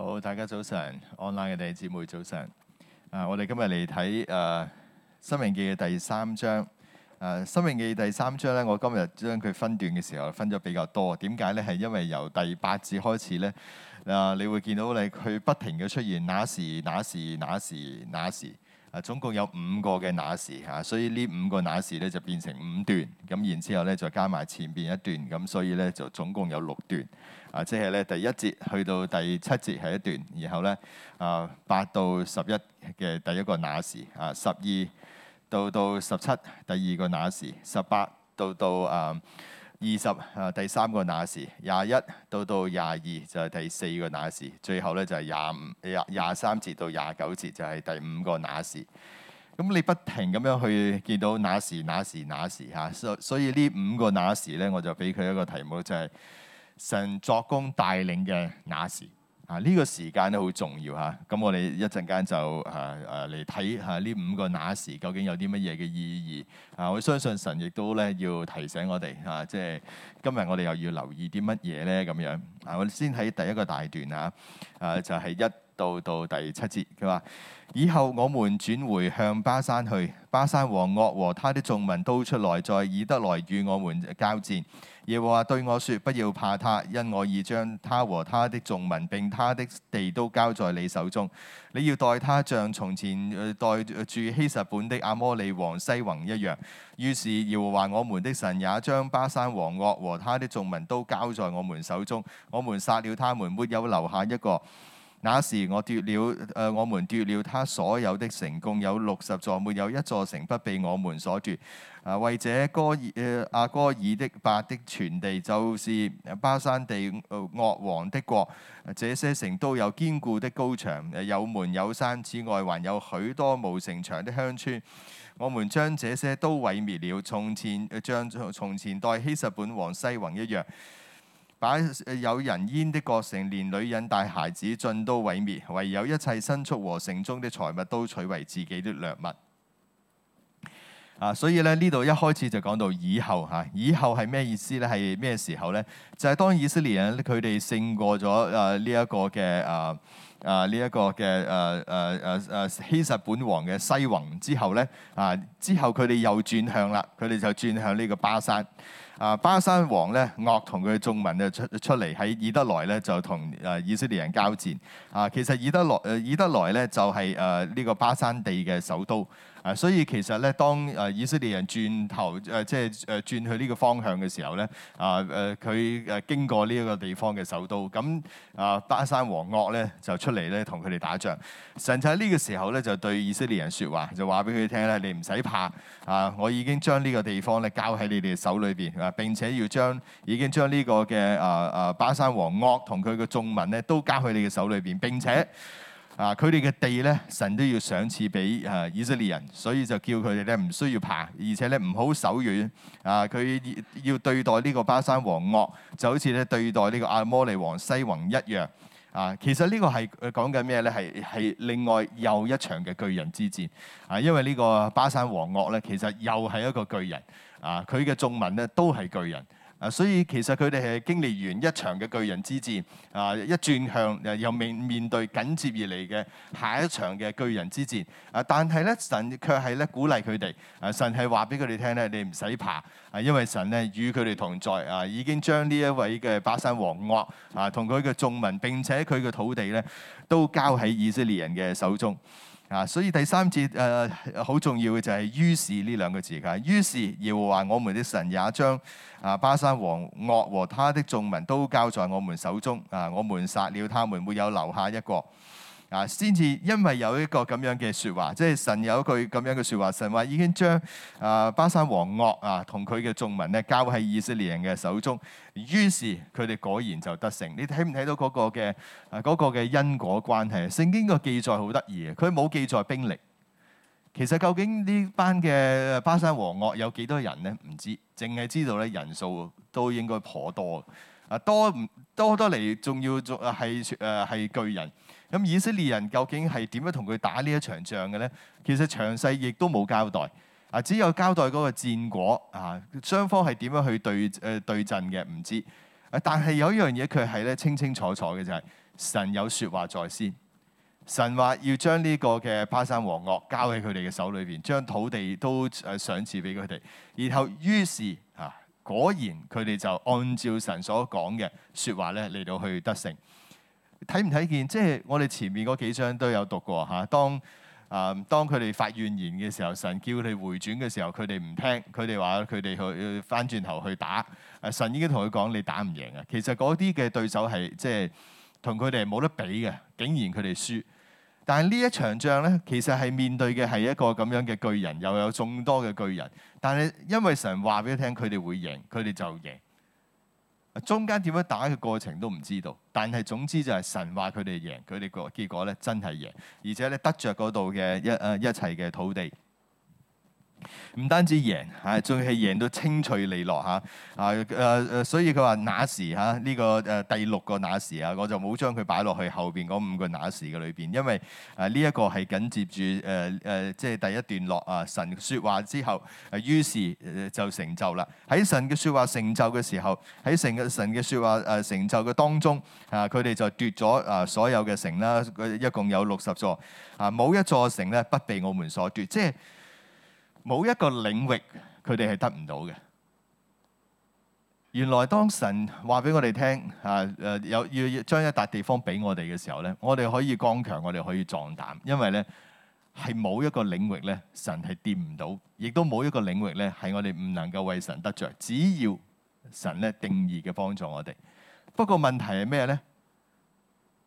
好，大家早晨，online 嘅弟兄姊妹早晨。啊，我哋今日嚟睇《誒、呃、申命記》嘅第三章。誒、呃《申命記》第三章咧，我今日將佢分段嘅時候分咗比較多。點解咧？係因為由第八節開始咧，嗱、呃，你會見到你佢不停嘅出現，那時那時那時那時。總共有五個嘅那時嚇，所以呢五個那時咧就變成五段，咁然之後咧再加埋前邊一段，咁所以咧就總共有六段。啊，即係咧第一節去到第七節係一段，然後咧啊八到十一嘅第一個那時，啊十二到到十七第二個那時，十八到到啊。二十，誒第三個那時。廿一到到廿二就係第四個那時，最後咧就係廿五廿廿三節到廿九節就係第五個那時。咁你不停咁樣去見到那時那時那時嚇，所所以呢五個那時咧，我就俾佢一個題目就係、是、神作工帶領嘅那時。啊！呢個時間咧好重要嚇，咁我哋一陣間就誒誒嚟睇下呢五個那時究竟有啲乜嘢嘅意義啊！我相信神亦都咧要提醒我哋啊，即係今日我哋又要留意啲乜嘢咧咁樣啊！我哋先喺第一個大段嚇，誒就係一到到第七節，佢話。以後我們轉回向巴山去，巴山王惡和他的眾民都出來在以得來與我們交戰。耶和華對我說：不要怕他，因我已將他和他的眾民並他的地都交在你手中。你要待他像從前待、呃、住希實本的阿摩利王西宏一樣。於是耶和華我們的神也將巴山王惡和他的眾民都交在我們手中。我們殺了他們，沒有留下一個。那時我奪了誒，我們奪了他所有的城，共有六十座，沒有一座城不被我們所奪。者啊，為這哥爾阿哥爾的伯的全地，就是巴山地惡、呃、王的國，這些城都有堅固的高牆，有門有山之外。此外還有許多無城牆的鄉村，我們將這些都毀滅了。從前像從前待希實本王西宏一樣。把有人煙的各城，連女人帶孩子盡都毀滅，唯有一切牲畜和城中的財物都取為自己的掠物。啊，所以咧呢度一開始就講到以後吓，啊，以後係咩意思咧？係咩時候咧？就係、是、當以色列人佢哋勝過咗啊呢一個嘅啊啊呢一個嘅啊啊啊啊希實本王嘅西宏之後咧，啊之後佢哋又轉向啦，佢哋就轉向呢個巴珊。啊，巴山王咧，惡同佢嘅眾民咧出出嚟喺以德萊咧就同誒以色列人交戰。啊，其實以德萊誒以德萊咧就係誒呢個巴山地嘅首都。啊，所以其實咧，當誒以色列人轉頭誒，即係誒轉去呢個方向嘅時候咧，啊誒佢誒經過呢一個地方嘅首都，咁、呃、啊巴珊王噩咧就出嚟咧同佢哋打仗。神就喺呢個時候咧就對以色列人説話，就話俾佢聽咧，你唔使怕啊、呃，我已經將呢個地方咧交喺你哋手裏邊啊，並且要將已經將呢個嘅啊啊巴珊王噩同佢嘅眾民咧都交喺你嘅手裏邊，並且，啊！佢哋嘅地咧，神都要賞賜俾啊以色列人，所以就叫佢哋咧唔需要怕，而且咧唔好手軟。啊！佢要要對待呢個巴山王惡，就好似咧對待呢個阿摩利王西宏一樣啊。其實個呢個係講緊咩咧？係係另外又一場嘅巨人之戰啊。因為呢個巴山王惡咧，其實又係一個巨人啊，佢嘅眾民咧都係巨人。啊，所以其實佢哋係經歷完一場嘅巨人之戰，啊一轉向，又面面對緊接而嚟嘅下一場嘅巨人之戰。啊，但係咧神卻係咧鼓勵佢哋，啊神係話俾佢哋聽咧，你唔使怕，啊因為神咧與佢哋同在，啊已經將呢一位嘅巴珊王噩啊同佢嘅眾民，並且佢嘅土地咧都交喺以色列人嘅手中。啊，所以第三節誒好、啊、重要嘅就係於是呢兩個字㗎，於、啊、是耶和華,我們的神也將啊巴山王惡和他的眾民都交在我們手中，啊，我們殺了他們，沒有留下一個。啊！先至，因為有一個咁樣嘅説話，即係神有一句咁樣嘅説話，神話已經將啊巴山王惡啊同佢嘅眾民咧交喺以色列人嘅手中。於是佢哋果然就得勝。你睇唔睇到嗰個嘅嗰個嘅因果關係？聖經個記載好得意嘅，佢冇記載兵力。其實究竟呢班嘅巴山王惡有幾多人呢？唔知，淨係知道咧，道人數都應該頗多啊，多唔多多嚟，仲要仲係誒係巨人。咁以色列人究竟係點樣同佢打呢一場仗嘅咧？其實詳細亦都冇交代，啊只有交代嗰個戰果，啊雙方係點樣去對誒、呃、對陣嘅，唔知。誒、啊、但係有一樣嘢佢係咧清清楚楚嘅就係、是、神有説話在先，神話要將呢個嘅巴珊王噩交喺佢哋嘅手裏邊，將土地都誒賞賜俾佢哋。然後於是啊，果然佢哋就按照神所講嘅説話咧嚟到去得勝。睇唔睇見？即係我哋前面嗰幾章都有讀過嚇、啊。當啊、嗯、當佢哋發怨言嘅時候，神叫佢哋回轉嘅時候，佢哋唔聽。佢哋話：佢哋去翻轉頭去打。神已經同佢講：你打唔贏啊！其實嗰啲嘅對手係即係同佢哋冇得比嘅，竟然佢哋輸。但係呢一場仗咧，其實係面對嘅係一個咁樣嘅巨人，又有眾多嘅巨人。但係因為神話俾佢聽，佢哋會贏，佢哋就贏。中間點樣打嘅過程都唔知道，但係總之就係神話佢哋贏，佢哋個結果咧真係贏，而且咧得着嗰度嘅一誒一切嘅土地。唔單止贏，係仲係贏到清脆利落吓，啊誒誒，所以佢話那時吓呢、啊這個誒第六個那時啊，我就冇將佢擺落去後邊嗰五個那時嘅裏邊，因為誒呢一個係緊接住誒誒，即係第一段落啊，神說話之後，於是就成就啦。喺神嘅說話成就嘅時候，喺成個神嘅說話誒成就嘅當中，啊，佢哋就奪咗啊所有嘅城啦、啊，一共有六十座，啊，冇一座城咧不被我們所奪，即係。冇一個領域佢哋係得唔到嘅。原來當神話俾我哋聽，啊誒，有要要將一笪地方俾我哋嘅時候咧，我哋可以剛強，我哋可以壯膽，因為咧係冇一個領域咧，神係掂唔到，亦都冇一個領域咧係我哋唔能夠為神得着。只要神咧定義嘅幫助我哋。不過問題係咩咧？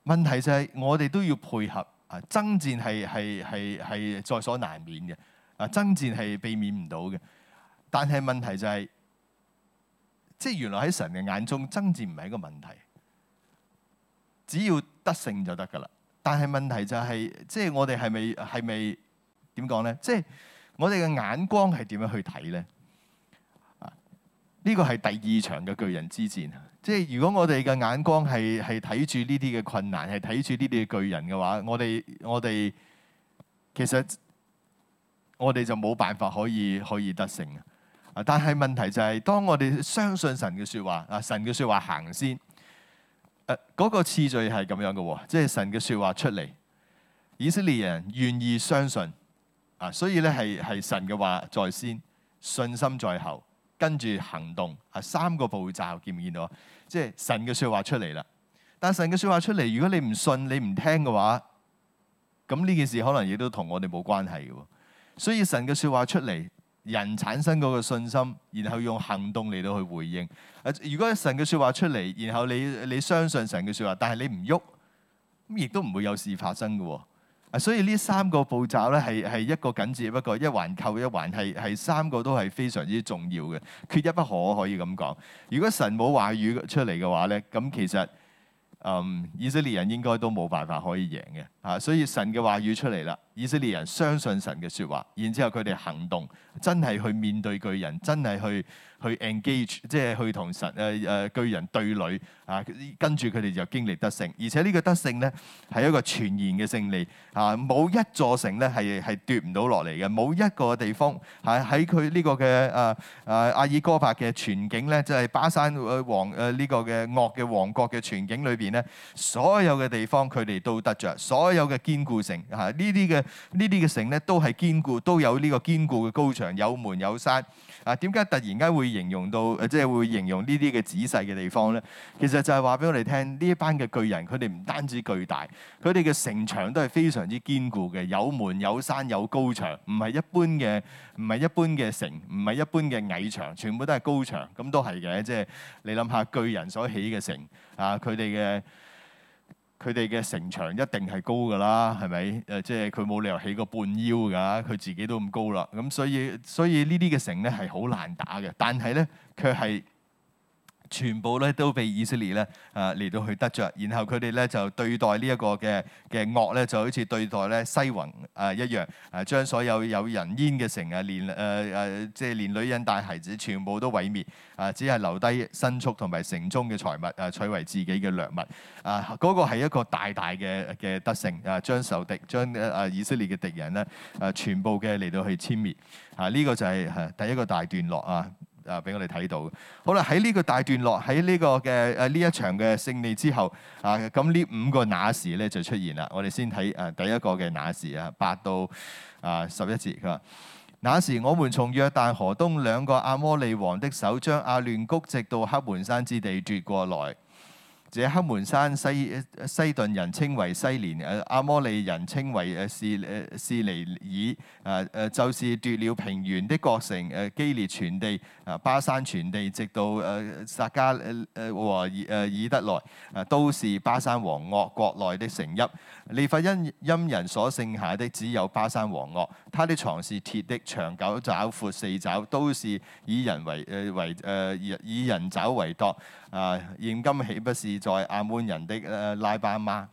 問題就係我哋都要配合啊，爭戰係係係係在所難免嘅。啊，爭戰係避免唔到嘅，但係問題就係，即係原來喺神嘅眼中，爭戰唔係一個問題，只要得勝就得㗎啦。但係問題就係，即係我哋係咪係咪點講咧？即係我哋嘅眼光係點樣去睇咧？啊，呢個係第二場嘅巨人之戰。即係如果我哋嘅眼光係係睇住呢啲嘅困難，係睇住呢啲嘅巨人嘅話，我哋我哋其實。我哋就冇辦法可以可以得勝啊！但係問題就係，當我哋相信神嘅説話啊，神嘅説話行先。誒嗰個次序係咁樣嘅喎，即係神嘅説話出嚟，以色列人願意相信啊，所以呢係係神嘅話在先，信心在後，跟住行動啊，三個步驟見唔見到啊？即係神嘅説話出嚟啦。但神嘅説話出嚟，如果你唔信你唔聽嘅話，咁呢件事可能亦都同我哋冇關係嘅喎。所以神嘅説話出嚟，人產生嗰個信心，然後用行動嚟到去回應。啊，如果神嘅説話出嚟，然後你你相信神嘅説話，但係你唔喐，咁亦都唔會有事發生嘅喎、哦。所以呢三個步驟咧係係一個緊接一個，一環扣一環，係係三個都係非常之重要嘅，缺一不可可以咁講。如果神冇話語出嚟嘅話咧，咁其實嗯以色列人應該都冇辦法可以贏嘅。啊！所以神嘅話語出嚟啦，以色列人相信神嘅說話，然之後佢哋行動，真係去面對巨人，真係去去 engage，即係去同神誒誒、呃呃、巨人對壘，啊！跟住佢哋就經歷得勝，而且個呢個得勝咧係一個全然嘅勝利啊！冇一座城咧係係奪唔到落嚟嘅，冇一個地方係喺佢呢個嘅誒誒亞爾哥伯嘅全景咧，即、就、係、是、巴山王誒呢、啊這個嘅噩嘅王國嘅全景裏邊咧，所有嘅地方佢哋都得着。所。都有嘅堅固城，吓呢啲嘅呢啲嘅城咧，都係堅固，都有呢個堅固嘅高牆，有門有山。啊，點解突然間會形容到，即係會形容呢啲嘅仔細嘅地方咧？其實就係話俾我哋聽，呢一班嘅巨人，佢哋唔單止巨大，佢哋嘅城牆都係非常之堅固嘅，有門有山有高牆，唔係一般嘅，唔係一般嘅城，唔係一般嘅矮牆，全部都係高牆。咁都係嘅，即係你諗下巨人所起嘅城，啊，佢哋嘅。佢哋嘅城牆一定係高㗎啦，係咪？誒，即係佢冇理由起個半腰㗎，佢自己都咁高啦。咁所以，所以呢啲嘅城咧係好難打嘅，但係咧佢係。全部咧都被以色列咧啊嚟到去得着，然後佢哋咧就對待呢一個嘅嘅惡咧，就好似對待咧西宏啊一樣，啊將所有有人煙嘅城啊連誒誒、呃，即係連女人帶孩子全部都毀滅啊，只係留低牲畜同埋城中嘅財物啊，取為自己嘅掠物啊，嗰、這個係一個大大嘅嘅得勝啊，將仇敵將啊以色列嘅敵人咧啊全部嘅嚟到去殲滅啊，呢、這個就係係第一個大段落啊。啊！俾我哋睇到，好啦，喺呢個大段落，喺呢個嘅誒呢一場嘅勝利之後，啊咁呢五個那時咧就出現啦。我哋先睇誒、啊、第一個嘅那時啊，八到啊十一節。佢話：那時我們從約旦河東兩個亞摩利王的手，將亞嫩谷直到黑門山之地奪過來。這黑門山西，西頓人稱為西連，誒、啊、阿摩利人稱為誒士誒士尼耳，誒、啊、誒就是奪了平原的國城，誒基列全地，誒、啊、巴山全地，直到誒、啊、撒迦誒誒和誒以得來，誒、啊啊、都是巴山王惡國內的城邑。利乏音音人所剩下的只有巴珊，王噩，他的床是鐵的，長九肘，闊四肘，都是以人為誒為誒、呃、以人肘為度。啊、呃，現今豈不是在亞捫人的誒、呃、拉巴嗎？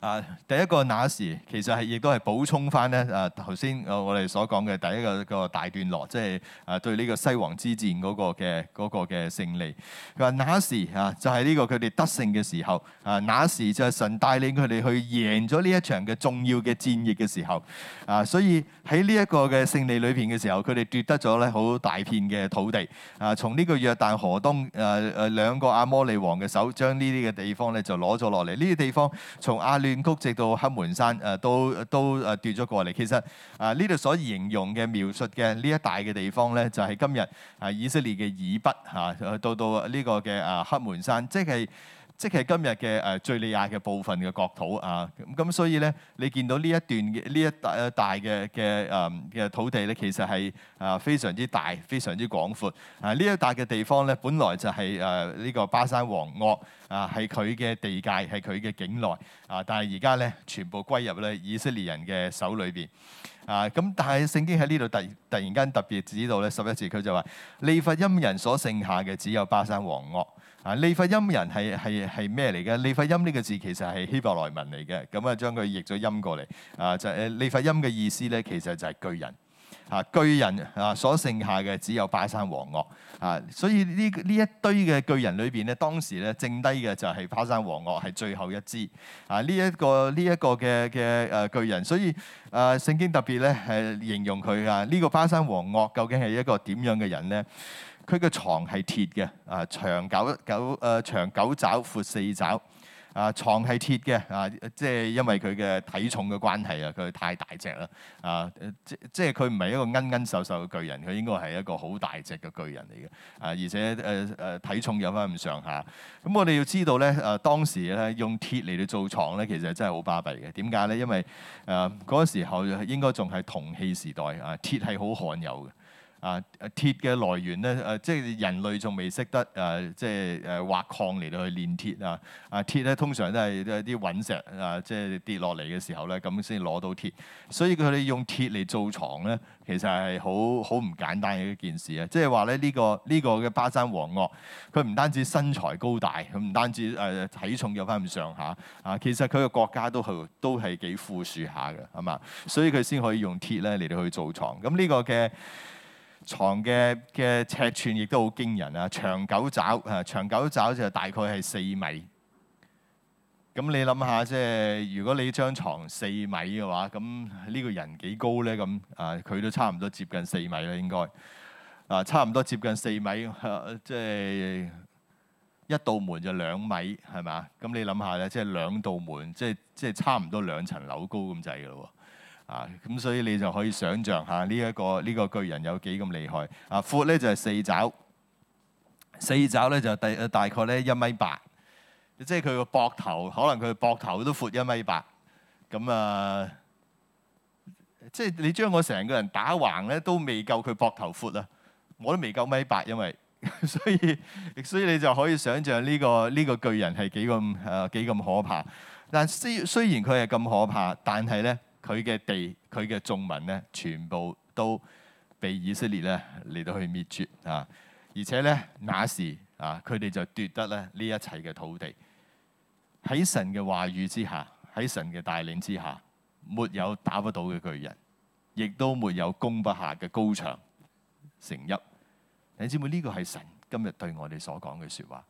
啊！第一個那時其實係亦都係補充翻咧啊頭先我哋所講嘅第一個個大段落，即係啊對呢個西王之戰個嘅、個嘅勝利。佢話那時啊，就係、是、呢、這個佢哋得勝嘅時候啊，那時就係神帶領佢哋去贏咗呢一場嘅重要嘅戰役嘅時候啊，所以喺呢一個嘅勝利裏邊嘅時候，佢哋奪得咗咧好大片嘅土地啊，從呢個約旦河東啊啊兩個亞摩利王嘅手，將呢啲嘅地方咧就攞咗落嚟。呢啲地方從亞斷谷直到黑門山，誒都都誒奪咗過嚟。其實啊，呢度所形容嘅描述嘅呢一大嘅地方咧，就係、是、今日啊以色列嘅以北嚇、啊，到到呢個嘅啊黑門山，即係。即係今日嘅誒敍利亞嘅部分嘅國土啊，咁咁所以咧，你見到呢一段嘅呢一笪大嘅嘅誒嘅土地咧，其實係啊非常之大、非常之廣闊啊。呢一笪嘅地方咧，本來就係誒呢個巴珊王噩啊，係佢嘅地界，係佢嘅境內啊。但係而家咧，全部歸入咧以色列人嘅手裏邊啊。咁但係聖經喺呢度突突然間特別指到咧十一節，佢就話利乏音人所剩下嘅只有巴珊王噩。啊！利乏音人係係係咩嚟嘅？利乏音呢個字其實係希伯來文嚟嘅，咁啊將佢譯咗音過嚟啊，就誒、是、利乏音嘅意思咧，其實就係巨人啊！巨人啊，所剩下嘅只有巴珊王噩啊，所以呢呢一堆嘅巨人裏邊咧，當時咧剩低嘅就係巴珊王噩，係最後一支啊！呢一個呢一個嘅嘅誒巨人，所以誒聖、啊、經特別咧係形容佢啊！呢、這個巴珊王噩究竟係一個點樣嘅人咧？佢嘅床係鐵嘅，啊長九九誒長九爪，闊四爪，啊牀係鐵嘅，啊即係因為佢嘅體重嘅關係啊，佢太大隻啦，啊即即係佢唔係一個奀奀瘦瘦嘅巨人，佢應該係一個好大隻嘅巨人嚟嘅，啊而且誒誒、呃、體重有返咁上下，咁我哋要知道咧，誒、啊、當時咧用鐵嚟到做床咧，其實真係好巴閉嘅，點解咧？因為誒嗰、啊、時候應該仲係銅器時代啊，鐵係好罕有嘅。啊！鐵嘅來源咧，誒、啊，即係人類仲未識得誒、啊，即係誒挖礦嚟到去煉鐵啊！啊，鐵咧通常都係都係啲隕石啊，即係跌落嚟嘅時候咧，咁先攞到鐵。所以佢哋用鐵嚟做床咧，其實係好好唔簡單嘅一件事啊！即係話咧，呢個呢個嘅巴珊王噩，佢唔單止身材高大，佢唔單止誒體、啊、重有翻咁上下啊，其實佢嘅國家都係都係幾富庶下嘅，係嘛？所以佢先可以用鐵咧嚟到去做床。咁呢個嘅。床嘅嘅尺寸亦都好驚人啊！長九肘啊，長九肘就大概係四米。咁你諗下，即係如果你張床四米嘅話，咁呢個人幾高咧？咁啊，佢都差唔多接近四米啦，應該啊，差唔多接近四米，啊、即係一道門就兩米，係咪？咁你諗下咧，即係兩道門，即係即係差唔多兩層樓高咁滯嘅咯喎。啊，咁所以你就可以想象下呢一個呢個巨人有幾咁厲害啊？闊咧就係四爪，四爪咧就大大概咧一米八，即係佢個膊頭可能佢膊頭都闊一米八咁啊！即係你將我成個人打橫咧都未夠佢膊頭闊啊，我都未夠米八，因為所以所以你就可以想象呢個呢個巨人係幾咁誒幾咁可怕。但雖雖然佢係咁可怕，但係咧。佢嘅地、佢嘅眾民呢，全部都被以色列咧嚟到去滅絕啊！而且咧，那時啊，佢哋就奪得咧呢一切嘅土地。喺神嘅話語之下，喺神嘅帶領之下，沒有打不倒嘅巨人，亦都沒有攻不下嘅高牆。成邑，你知唔知呢個係神今日對我哋所講嘅説話？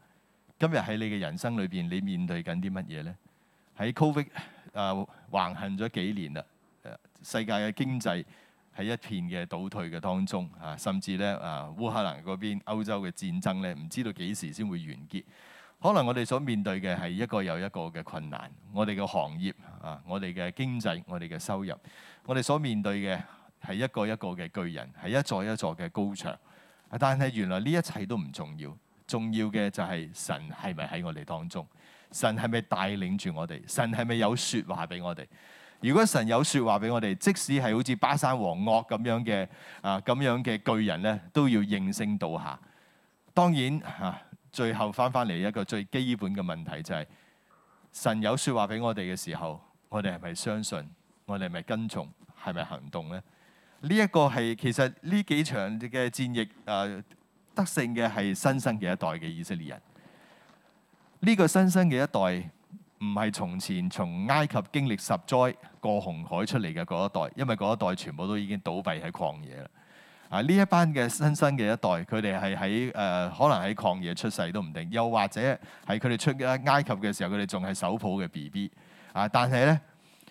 今日喺你嘅人生裏邊，你面對緊啲乜嘢呢？喺 Covid 啊、呃、～橫行咗幾年啦，世界嘅經濟喺一片嘅倒退嘅當中啊，甚至咧啊，烏克蘭嗰邊歐洲嘅戰爭咧，唔知道幾時先會完結。可能我哋所面對嘅係一個又一個嘅困難，我哋嘅行業啊，我哋嘅經濟，我哋嘅收入，我哋所面對嘅係一個一個嘅巨人，係一座一座嘅高牆。啊，但係原來呢一切都唔重要，重要嘅就係神係咪喺我哋當中？神係咪帶領住我哋？神係咪有說話俾我哋？如果神有說話俾我哋，即使係好似巴珊王噩咁樣嘅啊，咁樣嘅巨人咧，都要應聲倒下。當然吓、啊，最後返返嚟，一個最基本嘅問題就係、是：神有說話俾我哋嘅時候，我哋係咪相信？我哋係咪跟從？係咪行動咧？呢、這、一個係其實呢幾場嘅戰役誒、啊、得勝嘅係新生嘅一代嘅以色列人。呢個新生嘅一代唔係從前從埃及經歷十災過紅海出嚟嘅嗰一代，因為嗰一代全部都已經倒閉喺曠野啦。啊，呢一班嘅新生嘅一代，佢哋係喺誒可能喺曠野出世都唔定，又或者係佢哋出埃及嘅時候，佢哋仲係手抱嘅 B B 啊。但係咧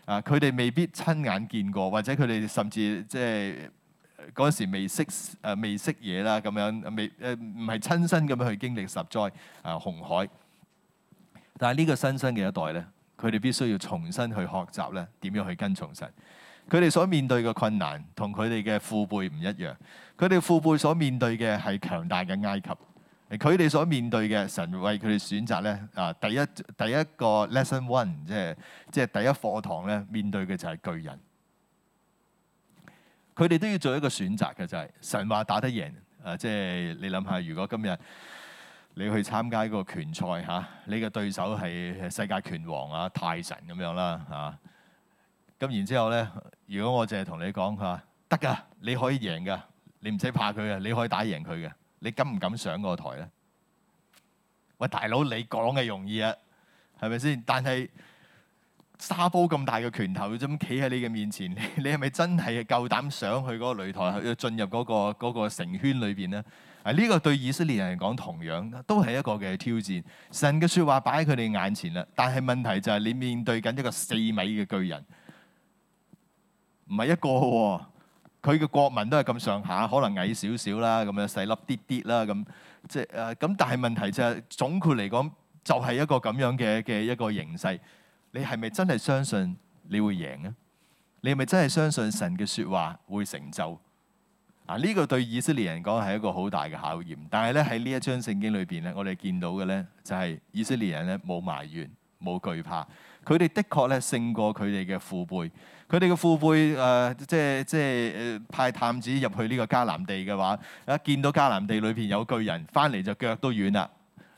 啊，佢哋未必親眼見過，或者佢哋甚至即係嗰時未識誒、呃、未識嘢啦，咁樣未誒唔係親身咁樣去經歷十災啊紅海。但係呢個新生嘅一代咧，佢哋必須要重新去學習咧點樣去跟從神。佢哋所面對嘅困難同佢哋嘅父輩唔一樣。佢哋父輩所面對嘅係強大嘅埃及，佢哋所面對嘅神為佢哋選擇咧啊，第一第一個 lesson one，即係即係第一課堂咧面對嘅就係巨人。佢哋都要做一個選擇嘅就係、是、神話打得贏。誒、啊，即係你諗下，如果今日。你去參加一個拳賽嚇、啊，你嘅對手係世界拳王啊泰神咁樣啦啊，咁、啊、然之後呢，如果我淨係同你講佢話得㗎，你可以贏㗎，你唔使怕佢嘅，你可以打贏佢嘅，你敢唔敢上個台呢？喂，大佬你講嘅容易啊，係咪先？但係。沙煲咁大嘅拳頭咁企喺你嘅面前，你係咪真係夠膽上去嗰個擂台，去進入嗰、嗰個城、嗰個、圈裏邊咧？呢、啊呢個對以色列人嚟講同樣都係一個嘅挑戰。神嘅説話擺喺佢哋眼前啦，但係問題就係你面對緊一個四米嘅巨人，唔係一個喎、啊。佢嘅國民都係咁上下，可能矮少少啦，咁樣細粒啲啲啦，咁即係咁。但係問題就係、是、總括嚟講，就係一個咁樣嘅嘅一個形勢。你係咪真係相信你會贏啊？你係咪真係相信神嘅説話會成就？嗱，呢個對以色列人講係一個好大嘅考驗。但係咧，喺呢一章聖經裏邊咧，我哋見到嘅咧就係以色列人咧冇埋怨、冇懼怕。佢哋的確咧勝過佢哋嘅父輩。佢哋嘅父輩誒、呃，即係即係誒派探子入去呢個迦南地嘅話，一見到迦南地裏邊有巨人，翻嚟就腳都軟啦，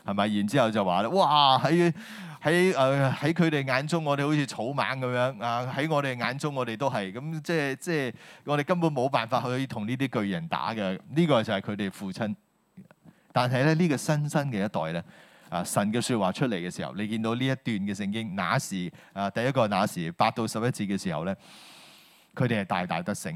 係咪？然之後就話咧：哇，喺。喺誒喺佢哋眼中我，我哋好似草蜢咁樣啊！喺我哋眼中我，我哋都係咁，即係即係我哋根本冇辦法去同呢啲巨人打嘅。呢、這個就係佢哋父親。但係咧，呢、這個新生嘅一代咧啊，神嘅説話出嚟嘅時候，你見到呢一段嘅聖經，那時啊，第一個那時八到十一節嘅時候咧，佢哋係大大得勝，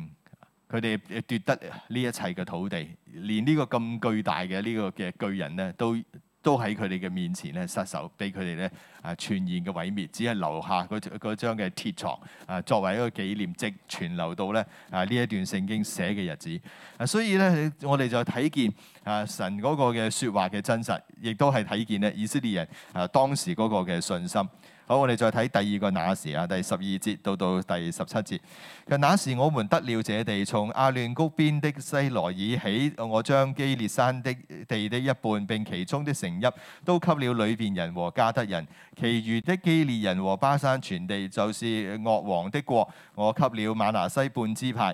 佢哋奪得呢一切嘅土地，連呢個咁巨大嘅呢個嘅巨人咧都。都喺佢哋嘅面前咧失手，俾佢哋咧啊傳言嘅毀滅，只係留下嗰張嘅鐵床啊，作為一個紀念，即傳流到咧啊呢一段聖經寫嘅日子啊，所以咧我哋就睇見啊神嗰個嘅説話嘅真實，亦都係睇見咧以色列人啊當時嗰個嘅信心。好，我哋再睇第二個那時啊，第十二節到到第十七節。嗱，那時我們得了這地，從亞嫩谷邊的西羅耳起，我將基列山的地的一半並其中的城邑，都給了裏邊人和迦得人。其餘的基列人和巴珊全地，就是惡王的國，我給了瑪拿西半支派。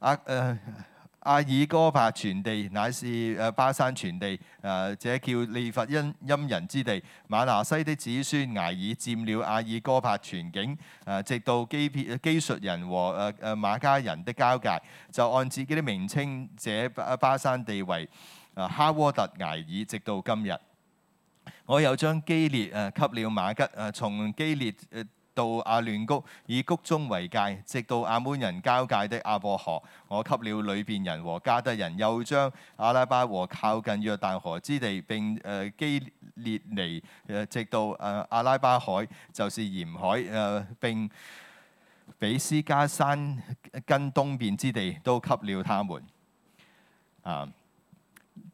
阿、啊、誒。呃阿爾哥帕全地，乃是誒巴山全地，誒、呃、這叫利法因陰人之地。馬拿西的子孫埃爾佔了阿爾哥帕全境，誒、呃、直到基基、呃、術人和誒誒、呃呃、馬家人的交界，就按自己啲名稱，這巴、呃、巴山地為誒哈沃特埃爾，直到今日。我又將基列誒給了馬吉誒、呃，從基列誒。呃到亞嫩谷以谷中為界，直到亞捫人交界的雅博河，我給了流便人和迦得人，又將亞拉巴和靠近約但河之地並誒基尼烈直到誒、呃、亞拉巴海，就是鹽海誒、呃，並毗斯迦山根東邊之地都給了他們。啊，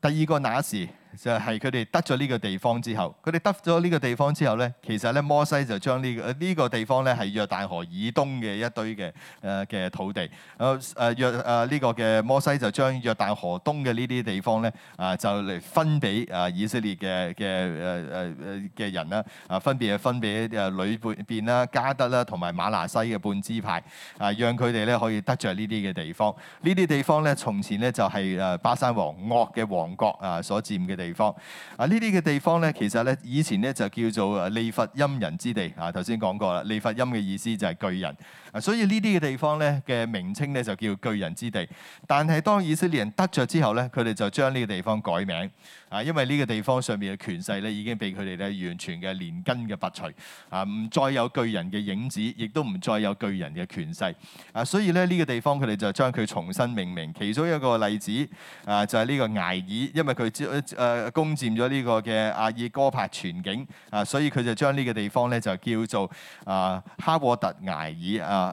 第二個那時。就係佢哋得咗呢個地方之後，佢哋得咗呢個地方之後咧，其實咧摩西就將呢，這個呢，這個地方咧係約旦河以東嘅一堆嘅誒嘅土地。誒、呃、約誒呢、呃這個嘅摩西就將約旦河東嘅呢啲地方咧啊、呃，就嚟分俾啊以色列嘅嘅誒誒嘅人啦。啊分別係分俾誒呂便啦、加德啦同埋馬拿西嘅半支派啊、呃，讓佢哋咧可以得着呢啲嘅地方。呢啲地方咧從前咧就係誒巴珊王噩嘅王國啊所佔嘅。地方啊，呢啲嘅地方咧，其實咧以前咧就叫做誒利弗陰人之地啊。頭先講過啦，利弗陰嘅意思就係巨人。啊，所以呢啲嘅地方咧嘅名稱咧就叫巨人之地。但係當以色列人得着之後咧，佢哋就將呢個地方改名啊，因為呢個地方上面嘅權勢咧已經被佢哋咧完全嘅連根嘅拔除啊，唔再有巨人嘅影子，亦都唔再有巨人嘅權勢，啊。所以咧呢個地方佢哋就將佢重新命名。其中一個例子啊，就係呢個埃爾，因為佢佔誒攻占咗呢個嘅阿爾戈帕全景啊，所以佢就將呢個地方咧就叫做啊哈沃特埃爾。啊。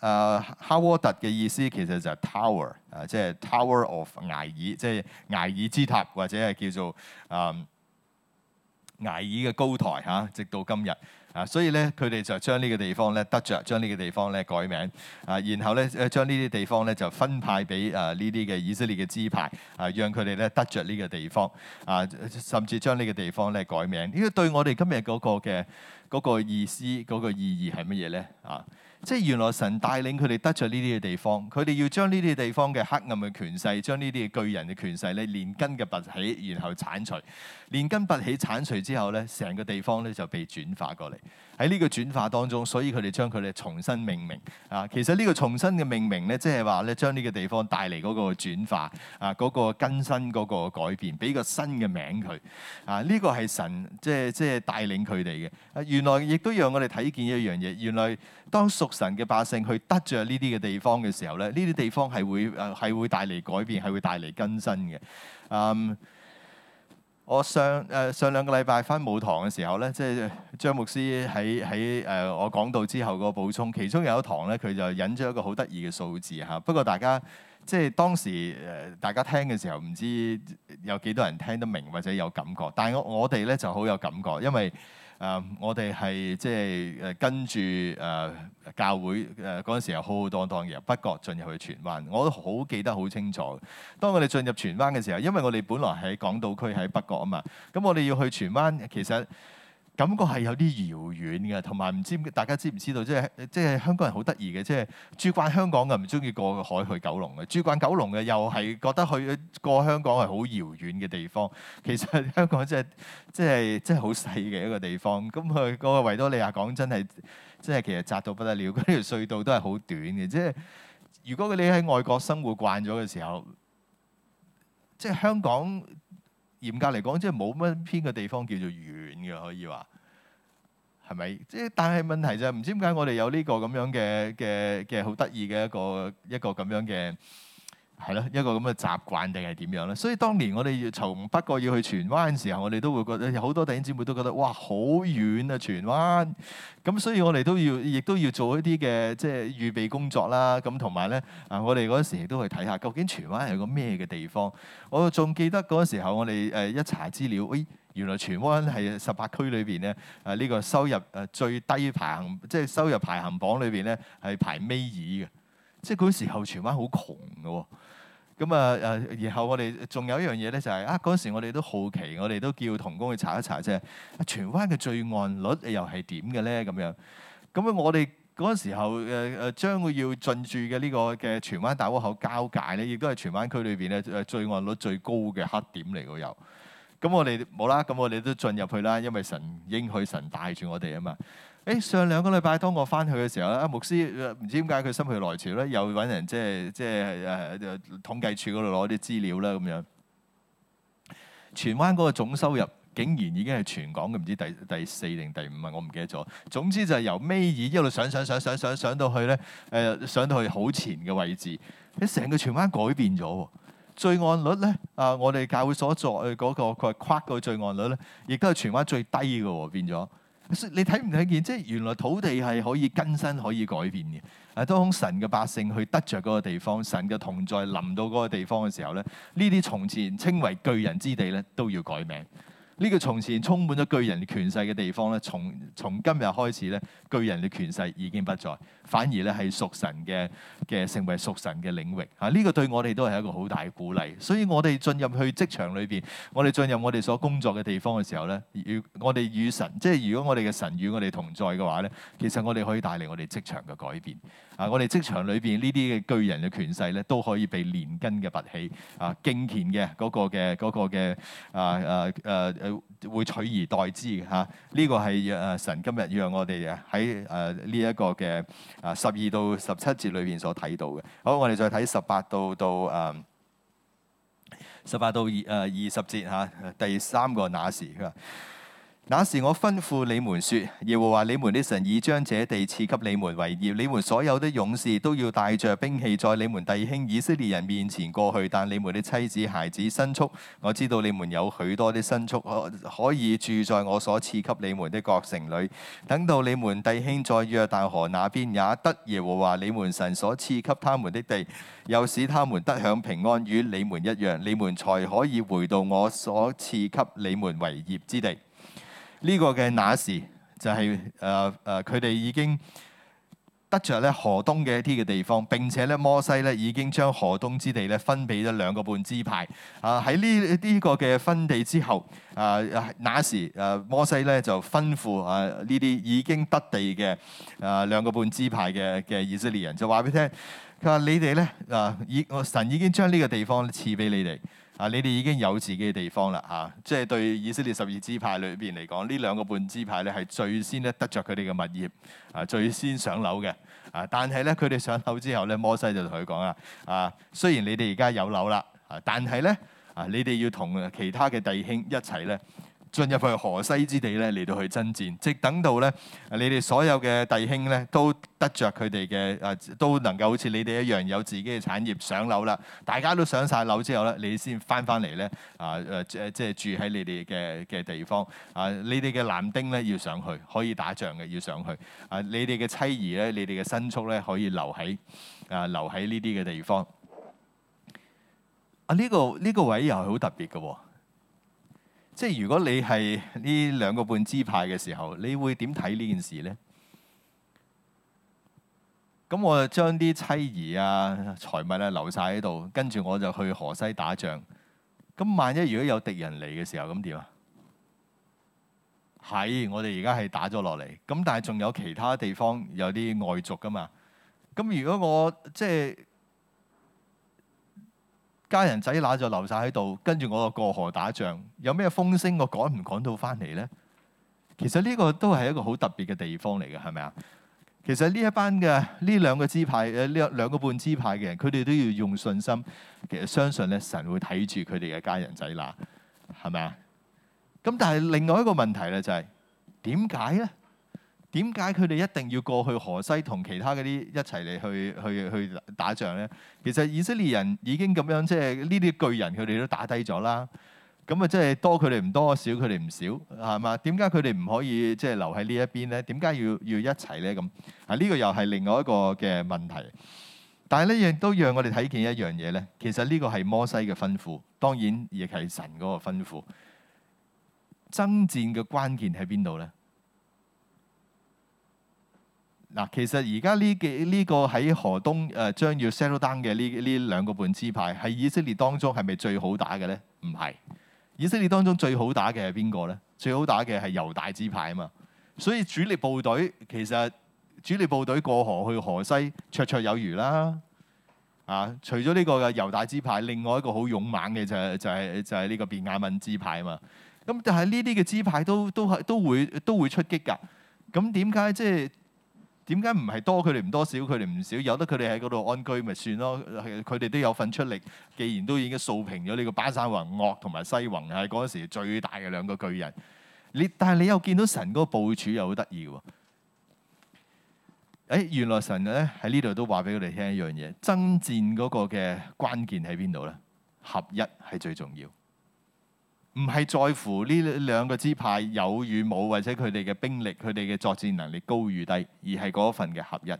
誒哈沃特嘅意思其實就係 tower，誒、uh, 即係 tower of 艾爾，即係艾爾之塔或者係叫做誒艾爾嘅高台吓、啊，直到今日啊，所以咧佢哋就將呢個地方咧得着，將呢個地方咧改名啊，然後咧誒將呢啲地方咧就分派俾誒呢啲嘅以色列嘅支派啊，讓佢哋咧得着呢個地方啊，甚至將呢個地方咧改名。呢個對我哋今日嗰個嘅嗰個，那個意思嗰個意思，嗰，那個意義嗰個意義係乜嘢咧啊？即係原來神帶領佢哋得著呢啲嘅地方，佢哋要將呢啲地方嘅黑暗嘅權勢，將呢啲嘅巨人嘅權勢咧，連根嘅拔起，然後剷除。連根拔起，剷除之後咧，成個地方咧就被轉化過嚟。喺呢個轉化當中，所以佢哋將佢哋重新命名啊。其實呢個重新嘅命名咧，即係話咧，將呢個地方帶嚟嗰個轉化啊，嗰個更新嗰個改變，俾個新嘅名佢啊。呢個係神，即係即係帶領佢哋嘅。原來亦都讓我哋睇見一樣嘢，原來當屬神嘅百姓去得着呢啲嘅地方嘅時候咧，呢啲地方係會誒係會帶嚟改變，係會帶嚟更新嘅。嗯。我上誒、呃、上兩個禮拜返母堂嘅時候咧，即係張牧師喺喺誒我講到之後個補充，其中有一堂咧，佢就引咗一個好得意嘅數字嚇。不過大家即係當時誒、呃、大家聽嘅時候，唔知有幾多人聽得明或者有感覺，但係我我哋咧就好有感覺，因為。誒，我哋係即係誒跟住誒、uh, 教會誒嗰陣時好好當當，浩浩蕩蕩由北角進入去荃灣，我都好記得好清楚。當我哋進入荃灣嘅時候，因為我哋本來喺港島區喺北角啊嘛，咁我哋要去荃灣，其實感覺係有啲遙遠嘅，同埋唔知大家知唔知道，即係即係香港人好得意嘅，即係住慣香港嘅唔中意過海去九龍嘅，住慣九龍嘅又係覺得去過香港係好遙遠嘅地方。其實香港真係真係真係好細嘅一個地方。咁佢嗰個維多利亞港真係，即係其實窄到不得了，嗰條隧道都係好短嘅。即係如果你喺外國生活慣咗嘅時候，即係香港。嚴格嚟講，即係冇乜偏嘅地方叫做遠嘅，可以話係咪？即係但係問題就係，唔知點解我哋有呢個咁樣嘅嘅嘅好得意嘅一個一個咁樣嘅。係咯，一個咁嘅習慣定係點樣咧？所以當年我哋從北角要去荃灣嘅時候，我哋都會覺得有好多弟兄姊妹都覺得哇，好遠啊！荃灣咁，所以我哋都要亦都要做一啲嘅即係預備工作啦。咁同埋咧，啊我哋嗰時亦都去睇下究竟荃灣係個咩嘅地方。我仲記得嗰時候我哋誒一查資料，誒、哎、原來荃灣係十八區裏邊咧，啊呢個收入誒最低排行，即係收入排行榜裏邊咧係排尾二嘅，即係嗰時候荃灣好窮嘅喎。咁啊誒，然後我哋仲有一樣嘢咧，就係啊嗰陣時我哋都好奇，我哋都叫同工去查一查啫。荃灣嘅罪案率又係點嘅咧？咁樣咁啊！我哋嗰陣時候誒誒，將會要進駐嘅呢個嘅荃灣大窩口交界咧，亦都係荃灣區裏邊咧誒罪案率最高嘅黑點嚟嘅。又咁我哋冇啦，咁我哋都進入去啦，因為神應許神帶住我哋啊嘛。誒上兩個禮拜，當我翻去嘅時候咧，牧師唔知點解佢心血來潮咧，又揾人即係即係誒統計處嗰度攞啲資料啦咁樣。荃灣嗰個總收入竟然已經係全港嘅唔知第第四定第五啊，我唔記得咗。總之就係由尾而一路上上上上上上到去咧，誒上到去好前嘅位置。你成個荃灣改變咗喎，罪案率咧啊，我哋教會所在嗰、嗰個佢係跨個罪案率咧，亦都係荃灣最低嘅喎變咗。你睇唔睇見？即係原來土地係可以更新、可以改變嘅。當神嘅百姓去得着嗰個地方，神嘅同在臨到嗰個地方嘅時候咧，呢啲從前稱為巨人之地咧，都要改名。呢、這個從前充滿咗巨人權勢嘅地方咧，從從今日開始咧，巨人嘅權勢已經不在。反而咧係屬神嘅嘅，成為屬神嘅領域嚇。呢、這個對我哋都係一個好大鼓勵。所以我哋進入去職場裏邊，我哋進入我哋所工作嘅地方嘅時候咧，如我哋與神，即係如果我哋嘅神與我哋同在嘅話咧，其實我哋可以帶嚟我哋職場嘅改變嚇。我哋職場裏邊呢啲嘅巨人嘅權勢咧，都可以被連根嘅拔起，那個那個、啊，敬虔嘅嗰個嘅嗰個嘅啊啊啊啊會取而代之嘅呢、啊這個係讓神今日讓我哋喺誒呢一個嘅。啊，十二到十七節裏邊所睇到嘅，好，我哋再睇十八到到啊，uh, 十八到二誒二十節嚇，uh, 第三個那時佢話。那時我吩咐你們說：耶和華你們的神已將這地賜給你們為業，你們所有的勇士都要帶着兵器，在你們弟兄以色列人面前過去。但你們的妻子、孩子、牲畜，我知道你們有許多的牲畜，可可以住在我所賜給你們的各城裏。等到你們弟兄在約旦河那邊也得耶和華你們神所賜給他們的地，又使他們得享平安，與你們一樣，你們才可以回到我所賜給你們為業之地。呢個嘅那時就係誒誒，佢、呃、哋、呃、已經得着咧河東嘅一啲嘅地方，並且咧摩西咧已經將河東之地咧分俾咗兩個半支派。啊喺呢呢個嘅分地之後，啊、呃、那時誒、呃、摩西咧就吩咐啊呢啲已經得地嘅啊兩個半支派嘅嘅以色列人，就話俾你聽，佢話你哋咧啊已神已經將呢個地方賜俾你哋。啊！你哋已經有自己嘅地方啦，嚇！即係對以色列十二支派裏邊嚟講，呢兩個半支派咧係最先咧得着佢哋嘅物業，啊，最先上樓嘅。啊，但係咧，佢哋上樓之後咧，摩西就同佢講啦，啊，雖然你哋而家有樓啦，啊，但係咧，啊，你哋要同其他嘅弟兄一齊咧。進入去河西之地咧，嚟到去爭戰，直等到咧，你哋所有嘅弟兄咧，都得着佢哋嘅啊，都能夠好似你哋一樣有自己嘅產業上樓啦。大家都上晒樓之後咧，你先翻翻嚟咧，啊，誒誒，即係住喺你哋嘅嘅地方啊。你哋嘅男丁咧要上去，可以打仗嘅要上去啊。你哋嘅妻兒咧，你哋嘅牲畜咧，可以留喺啊，留喺呢啲嘅地方。啊，呢個呢個位又係好特別嘅喎、哦。即係如果你係呢兩個半支派嘅時候，你會點睇呢件事呢？咁我就將啲妻兒啊、財物啊留晒喺度，跟住我就去河西打仗。咁萬一如果有敵人嚟嘅時候，咁點啊？係，我哋而家係打咗落嚟。咁但係仲有其他地方有啲外族㗎嘛？咁如果我即係家人仔乸就留晒喺度，跟住我就過河打仗，有咩風聲我趕唔趕到翻嚟呢？其實呢個都係一個好特別嘅地方嚟嘅，係咪啊？其實呢一班嘅呢兩個支派，誒、呃、呢兩個半支派嘅人，佢哋都要用信心，其實相信咧神會睇住佢哋嘅家人仔乸，係咪啊？咁但係另外一個問題咧就係點解呢？點解佢哋一定要過去河西同其他嗰啲一齊嚟，去去去打仗咧？其實以色列人已經咁樣，即係呢啲巨人，佢哋都打低咗啦。咁啊，即係多佢哋唔多，少佢哋唔少，係嘛？點解佢哋唔可以即係留喺呢一邊咧？點解要要一齊咧？咁啊，呢個又係另外一個嘅問題。但係呢樣都讓我哋睇見一樣嘢咧。其實呢個係摩西嘅吩咐，當然亦係神嗰個吩咐。爭戰嘅關鍵喺邊度咧？嗱，其實而家呢幾呢個喺河東誒、呃，將要 settle down 嘅呢呢兩個半支派，係以色列當中係咪最好打嘅咧？唔係，以色列當中最好打嘅係邊個咧？最好打嘅係猶大支派啊嘛。所以主力部隊，其實主力部隊過河去河西，綽綽有餘啦。啊，除咗呢個嘅猶大支派，另外一個好勇猛嘅就係、是、就係、是、就係、是、呢個便雅憫支派啊嘛。咁但係呢啲嘅支派都都係都會都會出擊㗎。咁點解即係？點解唔係多佢哋唔多少佢哋唔少，由得佢哋喺嗰度安居咪算咯？佢哋都有份出力，既然都已經掃平咗呢個巴珊王噩同埋西宏，係嗰陣時最大嘅兩個巨人。你但係你又見到神嗰個部署又好得意喎。誒，原來神咧喺呢度都話俾佢哋聽一樣嘢：爭戰嗰個嘅關鍵喺邊度咧？合一係最重要。唔係在乎呢兩個支派有與冇，或者佢哋嘅兵力、佢哋嘅作戰能力高與低，而係嗰份嘅合一。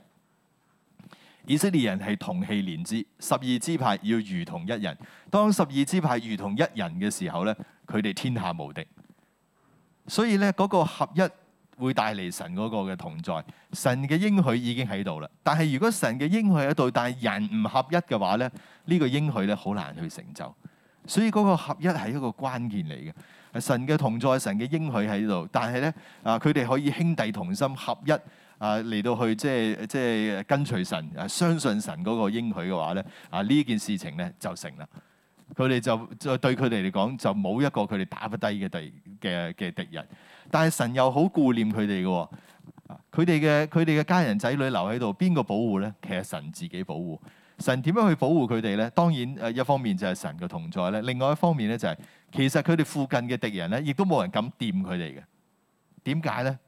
以色列人係同氣連枝，十二支派要如同一人。當十二支派如同一人嘅時候呢，佢哋天下無敵。所以呢，嗰個合一會帶嚟神嗰個嘅同在。神嘅應許已經喺度啦。但係如果神嘅應許喺度，但係人唔合一嘅話呢，呢個應許咧好難去成就。所以嗰個合一係一個關鍵嚟嘅，係神嘅同在、神嘅應許喺度。但係咧，啊佢哋可以兄弟同心合一啊嚟到去即係即係跟隨神、啊、相信神嗰個應許嘅話咧，啊呢件事情咧就成啦。佢哋就、就對佢哋嚟講就冇一個佢哋打不低嘅敵嘅嘅敵人。但係神又好顧念佢哋嘅喎，佢哋嘅佢哋嘅家人仔女留喺度，邊個保護咧？其實神自己保護。神點樣去保護佢哋咧？當然誒，一方面就係神嘅同在咧；另外一方面咧、就是，就係其實佢哋附近嘅敵人咧，亦都冇人敢掂佢哋嘅。點解咧？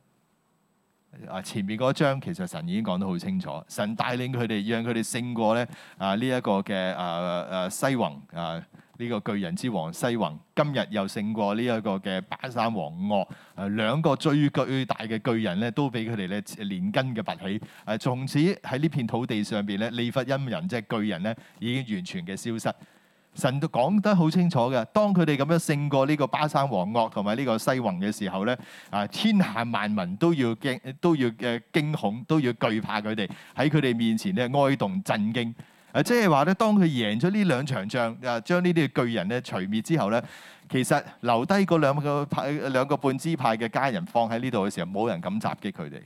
啊，前面嗰一章其實神已經講得好清楚，神帶領佢哋，讓佢哋勝過咧啊呢一個嘅啊啊西宏啊。這個呢個巨人之王西宏，今日又勝過呢一個嘅巴珊王噩，兩個最巨大嘅巨人咧，都俾佢哋咧連根嘅拔起。誒，從此喺呢片土地上邊咧，利乏音人即係巨人咧，已經完全嘅消失。神都講得好清楚嘅，當佢哋咁樣勝過呢個巴珊王噩同埋呢個西宏嘅時候咧，啊，天下萬民都要驚，都要嘅驚恐，都要懼怕佢哋喺佢哋面前咧哀動震驚。誒即係話咧，當佢贏咗呢兩場仗，誒將呢啲巨人咧除滅之後咧，其實留低嗰兩個派兩個半支派嘅家人放喺呢度嘅時候，冇人敢襲擊佢哋，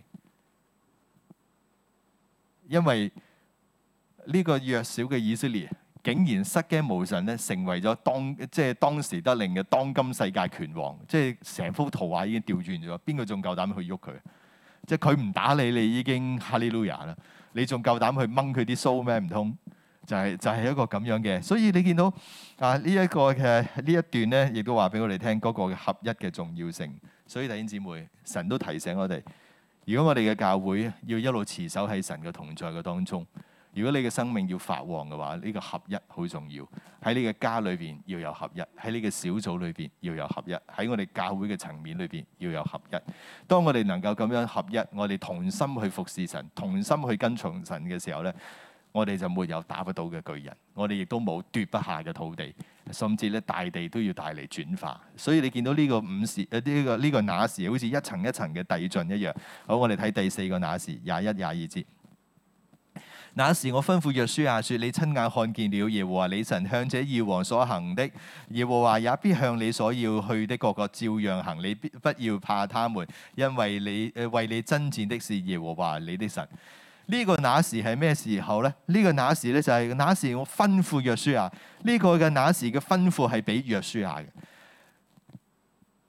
因為呢個弱小嘅以色列竟然失驚無神咧，成為咗當即係、就是、當時得令嘅當今世界拳王，即係成幅圖畫已經調轉咗，邊個仲夠膽去喐佢？即係佢唔打你，你已經哈利路亞啦！你仲夠膽去掹佢啲鬚咩？唔通就係、是、就係、是、一個咁樣嘅。所以你見到啊呢一個嘅呢、啊、一段咧，亦都話俾我哋聽嗰、那個合一嘅重要性。所以弟兄姊妹，神都提醒我哋，如果我哋嘅教會要一路持守喺神嘅同在嘅當中。如果你嘅生命要發旺嘅話，呢個合一好重要。喺你嘅家裏邊要有合一，喺你嘅小組裏邊要有合一，喺我哋教會嘅層面裏邊要有合一。當我哋能夠咁樣合一，我哋同心去服侍神，同心去跟從神嘅時候呢，我哋就沒有打不到嘅巨人，我哋亦都冇奪不下嘅土地，甚至咧大地都要帶嚟轉化。所以你見到呢個五時，呢個呢個那時好似一層一層嘅遞進一樣。好，我哋睇第四個那時廿一、廿二節。那時我吩咐約書亞、啊、說：你親眼看見了。耶和華你神向這二王所行的，耶和華也必向你所要去的各國照樣行你。你必不要怕他們，因為你、呃、為你爭戰的是耶和華你的神。呢、這個那時係咩時候咧？呢、這個那時咧就係那時我吩咐約書亞、啊。呢、這個嘅那時嘅吩咐係俾約書亞、啊、嘅。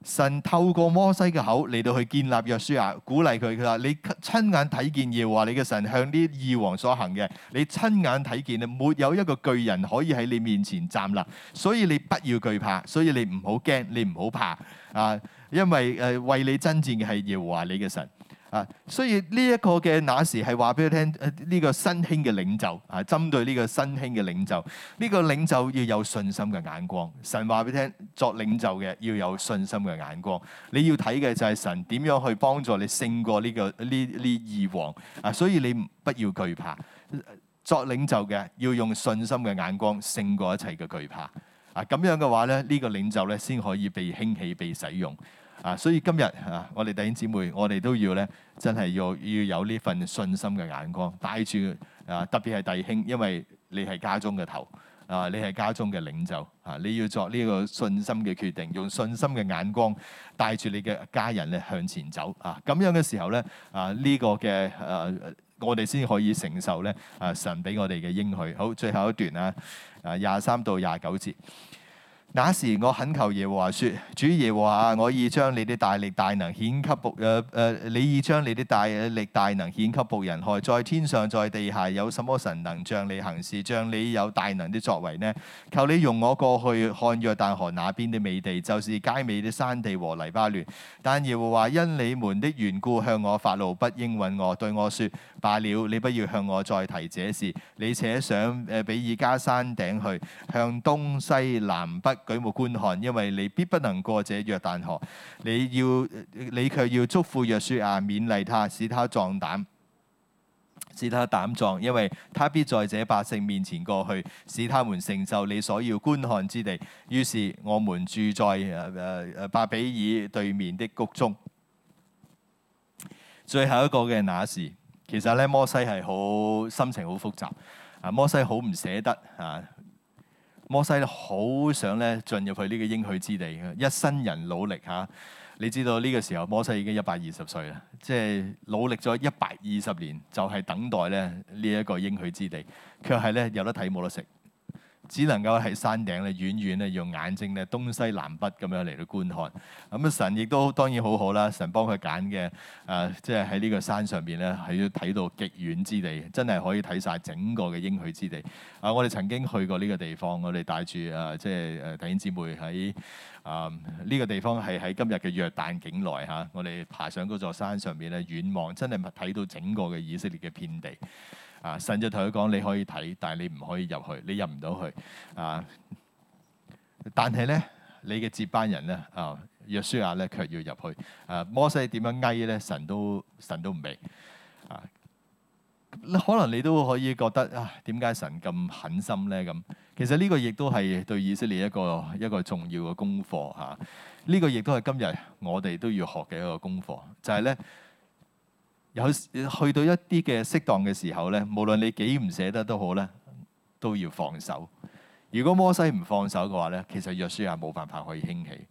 神透過摩西嘅口嚟到去建立約書亞，鼓勵佢，佢話：你親眼睇見耶和華你嘅神向啲二王所行嘅，你親眼睇見你，沒有一個巨人可以喺你面前站立，所以你不要懼怕，所以你唔好驚，你唔好怕啊，因為誒、呃、為你爭戰嘅係耶和華你嘅神。啊，所以呢一個嘅那時係話俾佢聽，呢個新興嘅領袖啊，針對呢個新興嘅領袖，呢個領袖要有信心嘅眼光。神話俾你聽，作領袖嘅要有信心嘅眼光。你要睇嘅就係神點樣去幫助你勝過呢個呢呢二王啊，所以你不要懼怕。作領袖嘅要用信心嘅眼光勝過一切嘅懼怕啊，咁樣嘅話咧，呢個領袖咧先可以被興起、被使用。啊，所以今日啊，我哋弟兄姊妹，我哋都要咧，真係要要有呢份信心嘅眼光，帶住啊，特別係弟兄，因為你係家中嘅頭啊，你係家中嘅領袖啊，你要作呢個信心嘅決定，用信心嘅眼光帶住你嘅家人咧向前走啊。咁樣嘅時候咧，啊呢個嘅誒啊，我哋先可以承受咧啊神俾我哋嘅應許。好，最後一段啊，啊廿三到廿九節。那時我懇求耶和華説：主耶和華，我已將你的大力大能顯給僕誒誒，你已將你的大力大能顯給僕人看。在天上，在地下，有什麼神能像你行事，像你有大能的作為呢？求你容我過去看約但河那邊的美地，就是佳美的山地和黎巴嫩。但耶和華因你們的緣故向我發怒，不應允我，對我説：罷了，你不要向我再提這事。你且上誒毗斯迦山頂去，向東西南北。舉目觀看，因為你必不能過這約旦河。你要，你卻要囑咐約書亞勉勵他，使他壯膽，使他膽壯，因為他必在這百姓面前過去，使他們承受你所要觀看之地。於是我們住在誒誒巴比爾對面的谷中。最後一個嘅那時，其實咧摩西係好心情好複雜，啊摩西好唔捨得啊。啊摩西好想咧進入去呢個應許之地，一生人努力嚇。你知道呢個時候摩西已經一百二十歲啦，即係努力咗一百二十年，就係等待咧呢一個應許之地，卻係咧有得睇冇得食。只能夠喺山頂咧遠遠咧用眼睛咧東西南北咁樣嚟到觀看，咁啊神亦都當然好好啦，神幫佢揀嘅誒，即係喺呢個山上邊咧，係要睇到極遠之地，真係可以睇晒整個嘅應許之地。啊、呃，我哋曾經去過呢個地方，我哋帶住誒即係誒弟兄姊妹喺啊呢個地方係喺今日嘅約旦境內嚇、啊，我哋爬上嗰座山上邊咧遠望，真係睇到整個嘅以色列嘅遍地。啊！神就同佢講：你可以睇，但係你唔可以入去，你入唔到去。啊！但係咧，你嘅接班人咧，啊，約書亞咧，卻要入去。啊！摩西點樣哀咧？神都神都唔畀。啊！可能你都可以覺得啊，點解神咁狠心咧？咁其實呢個亦都係對以色列一個一個重要嘅功課嚇。呢個亦都係今日我哋都要學嘅一個功課，就係咧。有去到一啲嘅適當嘅時候咧，無論你幾唔捨得都好咧，都要放手。如果摩西唔放手嘅話咧，其實約書亞冇辦法可以興起。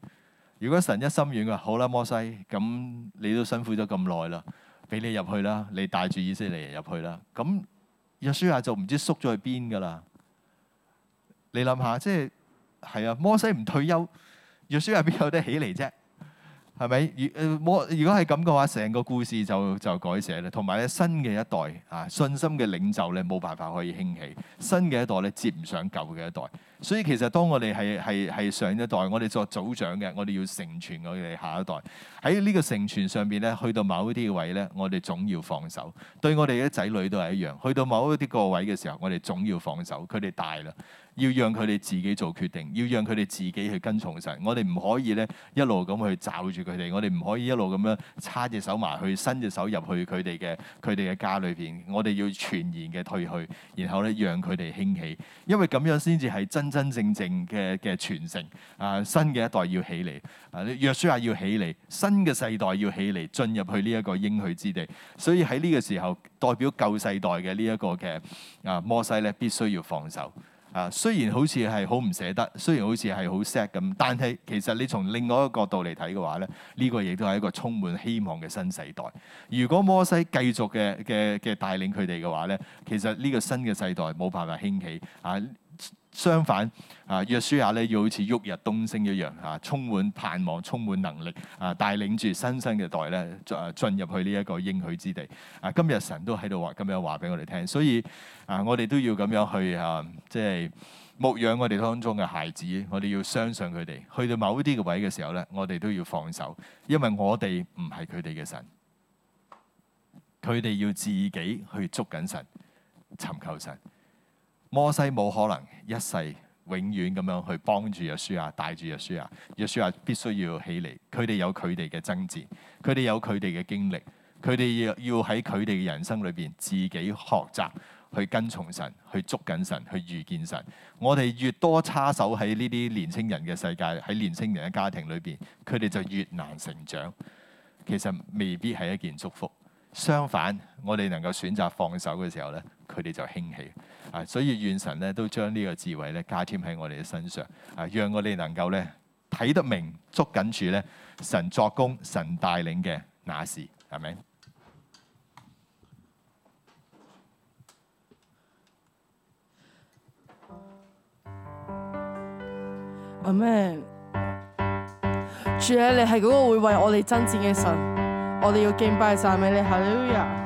如果神一心軟啊，好啦，摩西，咁你都辛苦咗咁耐啦，俾你入去啦，你帶住以色列人入去啦，咁約書亞就唔知縮咗去邊噶啦。你諗下，即係係啊，摩西唔退休，約書亞邊有得起嚟啫？係咪？如果如果係咁嘅話，成個故事就就改寫咧。同埋咧，新嘅一代啊，信心嘅領袖咧，冇辦法可以興起。新嘅一代咧，接唔上舊嘅一代。所以其實當我哋係係係上一代，我哋作組長嘅，我哋要成全我哋下一代。喺呢個成全上邊咧，去到某一啲位咧，我哋總要放手。對我哋嘅仔女都係一樣。去到某一啲個位嘅時候，我哋總要放手。佢哋大啦。要讓佢哋自己做決定，要讓佢哋自己去跟從神。我哋唔可以咧一路咁去罩住佢哋，我哋唔可以一路咁樣叉隻手埋去，伸隻手入去佢哋嘅佢哋嘅家裏邊。我哋要全然嘅退去，然後咧讓佢哋興起，因為咁樣先至係真真正正嘅嘅傳承啊！新嘅一代要起嚟啊，約書亞要起嚟，新嘅世代要起嚟，進入去呢一個應許之地。所以喺呢個時候，代表舊世代嘅呢一個嘅啊摩西咧，必須要放手。啊，雖然好似係好唔捨得，雖然好似係好 sad 咁，但係其實你從另外一個角度嚟睇嘅話咧，呢個亦都係一個充滿希望嘅新世代。如果摩西繼續嘅嘅嘅帶領佢哋嘅話咧，其實呢個新嘅世代冇辦法興起啊。相反，啊，約書亞咧要好似旭日東升一樣，啊，充滿盼望，充滿能力，啊，帶領住新生嘅代咧進入去呢一個應許之地。啊，今日神都喺度話，咁樣話俾我哋聽，所以啊，我哋都要咁樣去啊，即係牧養我哋當中嘅孩子。我哋要相信佢哋，去到某啲嘅位嘅時候咧，我哋都要放手，因為我哋唔係佢哋嘅神，佢哋要自己去捉緊神，尋求神。摩西冇可能一世永遠咁樣去幫住約書亞帶住約書亞。約書亞必須要起嚟。佢哋有佢哋嘅爭戰，佢哋有佢哋嘅經歷，佢哋要要喺佢哋嘅人生裏邊自己學習，去跟從神，去捉緊神、神，去遇見神。我哋越多插手喺呢啲年青人嘅世界，喺年青人嘅家庭裏邊，佢哋就越難成長。其實未必係一件祝福。相反，我哋能夠選擇放手嘅時候呢，佢哋就興起。所以願神咧都將呢個智慧咧加添喺我哋嘅身上，啊，讓我哋能夠咧睇得明、捉緊住咧神作工、神帶領嘅那事，係咪？係咩？主啊，你係嗰個會為我哋爭戰嘅神，我哋要敬拜曬你，哈利路亞！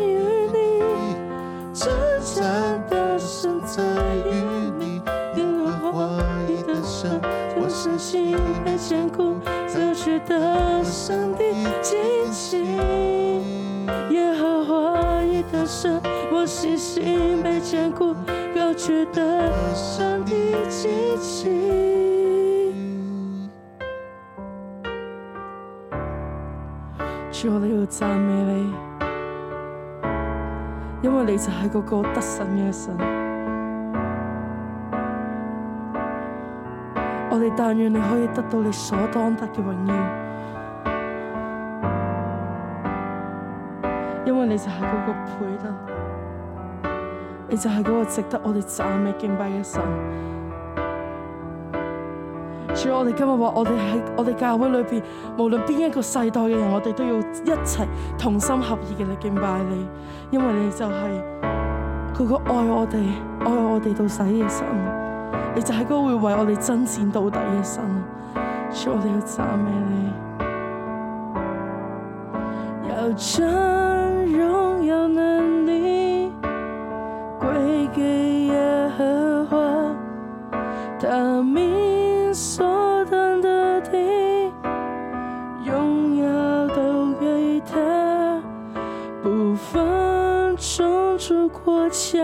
的神的機器，耶和華你的神，我信心被堅固，高舉的神的機器。主，我都要讚美你，因為你就係嗰個得勝嘅神。我哋但願你可以得到你所當得嘅榮耀，因為你就係嗰個配得，你就係嗰個值得我哋讚美敬拜嘅神。主，我哋今日話，我哋喺我哋教會裏邊，無論邊一個世代嘅人，我哋都要一齊同心合意嘅嚟敬拜你，因為你就係嗰個愛我哋、愛我哋到死嘅神。你就係嗰個會為我哋爭戰到底嘅神，求我哋要讚美你，要將榮耀能力歸給耶和華，他命所定的地，榮耀都給他，不放逐出國家。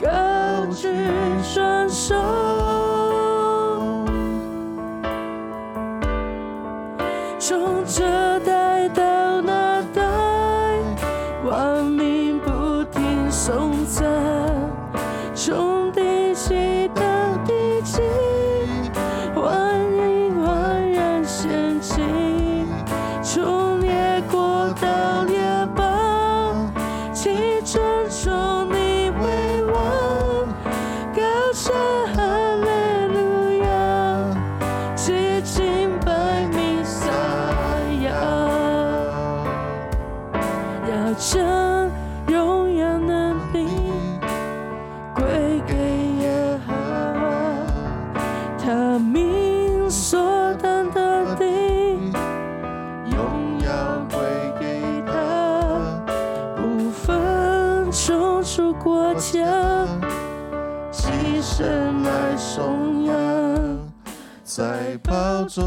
高舉雙手。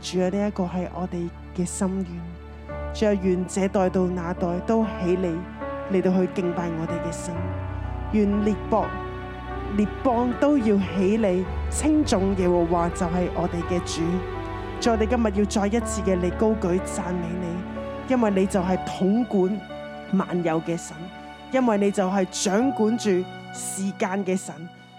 主啊！呢一個係我哋嘅心願，着願這代到那代都起你嚟到去敬拜我哋嘅神。願列國、列邦，都要起你，稱頌耶和華就係我哋嘅主。在我哋今日要再一次嘅你高舉，讚美你，因為你就係統管萬有嘅神，因為你就係掌管住時間嘅神，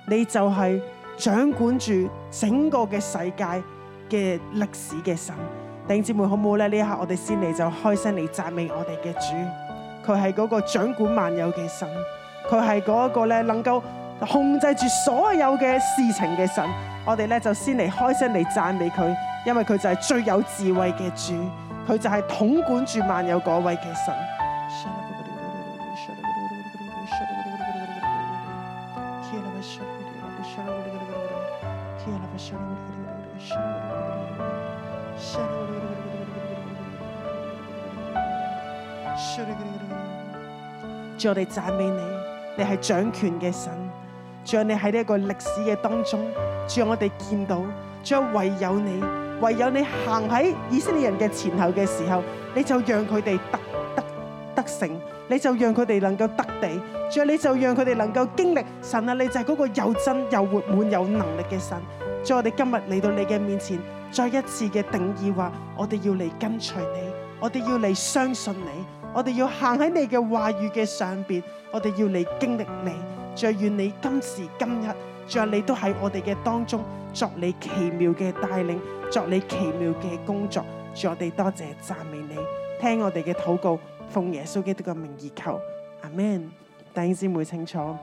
你就係掌管住整個嘅世界。嘅歷史嘅神，弟兄姊妹好唔好呢？呢一刻我哋先嚟就開聲嚟讚美我哋嘅主，佢係嗰個掌管萬有嘅神，佢係嗰一個呢能夠控制住所有嘅事情嘅神，我哋呢就先嚟開聲嚟讚美佢，因為佢就係最有智慧嘅主，佢就係統管住萬有嗰位嘅神。主，我哋讚美你，你係掌權嘅神。主啊，你喺呢一個歷史嘅當中，主啊，我哋見到，主啊，唯有你，唯有你行喺以色列人嘅前後嘅時候，你就讓佢哋得得得成，你就讓佢哋能夠得地，主啊，你就讓佢哋能夠經歷神啊，你就係嗰個又真又活滿有能力嘅神。主啊，我哋今日嚟到你嘅面前，再一次嘅定意話，我哋要嚟跟隨你，我哋要嚟相信你。我哋要行喺你嘅話語嘅上邊，我哋要嚟經歷你，最願你今時今日，最願你都喺我哋嘅當中作你奇妙嘅帶領，作你奇妙嘅工作，祝我哋多謝，謝讚美你，聽我哋嘅禱告，奉耶穌基督嘅名而求，阿門。弟兄姊妹，妹清楚，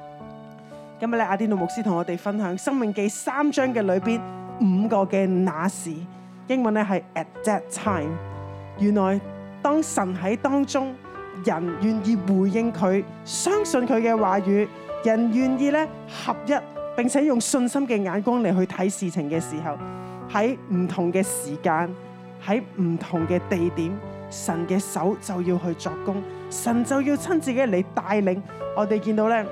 今日咧阿天道牧師同我哋分享《申命記》三章嘅裏邊五個嘅那時，英文咧係 at that time，原來。當神喺當中，人願意回應佢，相信佢嘅話語，人願意咧合一，並且用信心嘅眼光嚟去睇事情嘅時候，喺唔同嘅時間，喺唔同嘅地點，神嘅手就要去作工，神就要親自己嚟帶領。我哋見到咧，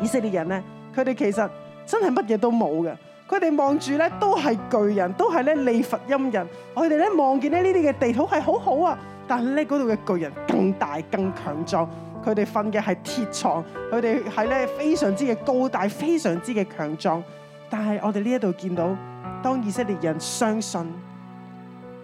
以色列人咧，佢哋其實真係乜嘢都冇嘅，佢哋望住咧都係巨人，都係咧利乏音人，佢哋咧望見咧呢啲嘅地土係好好啊！但係咧，嗰度嘅巨人更大、更強壯。佢哋瞓嘅係鐵床，佢哋係咧非常之嘅高大、非常之嘅強壯。但係我哋呢一度見到，當以色列人相信，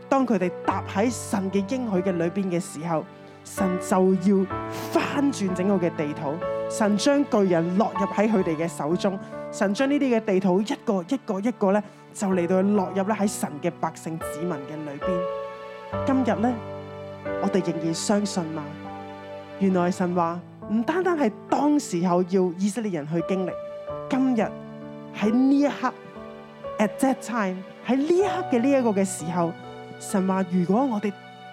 當佢哋搭喺神嘅應許嘅裏邊嘅時候，神就要翻轉整個嘅地土。神將巨人落入喺佢哋嘅手中，神將呢啲嘅地土一個一個一個咧，就嚟到落入咧喺神嘅百姓子民嘅裏邊。今日咧。我哋仍然相信嗎？原來神話唔單單係當時候要以色列人去經歷今，今日喺呢一刻，at that time 喺呢一刻嘅呢一個嘅時候，神話如果我哋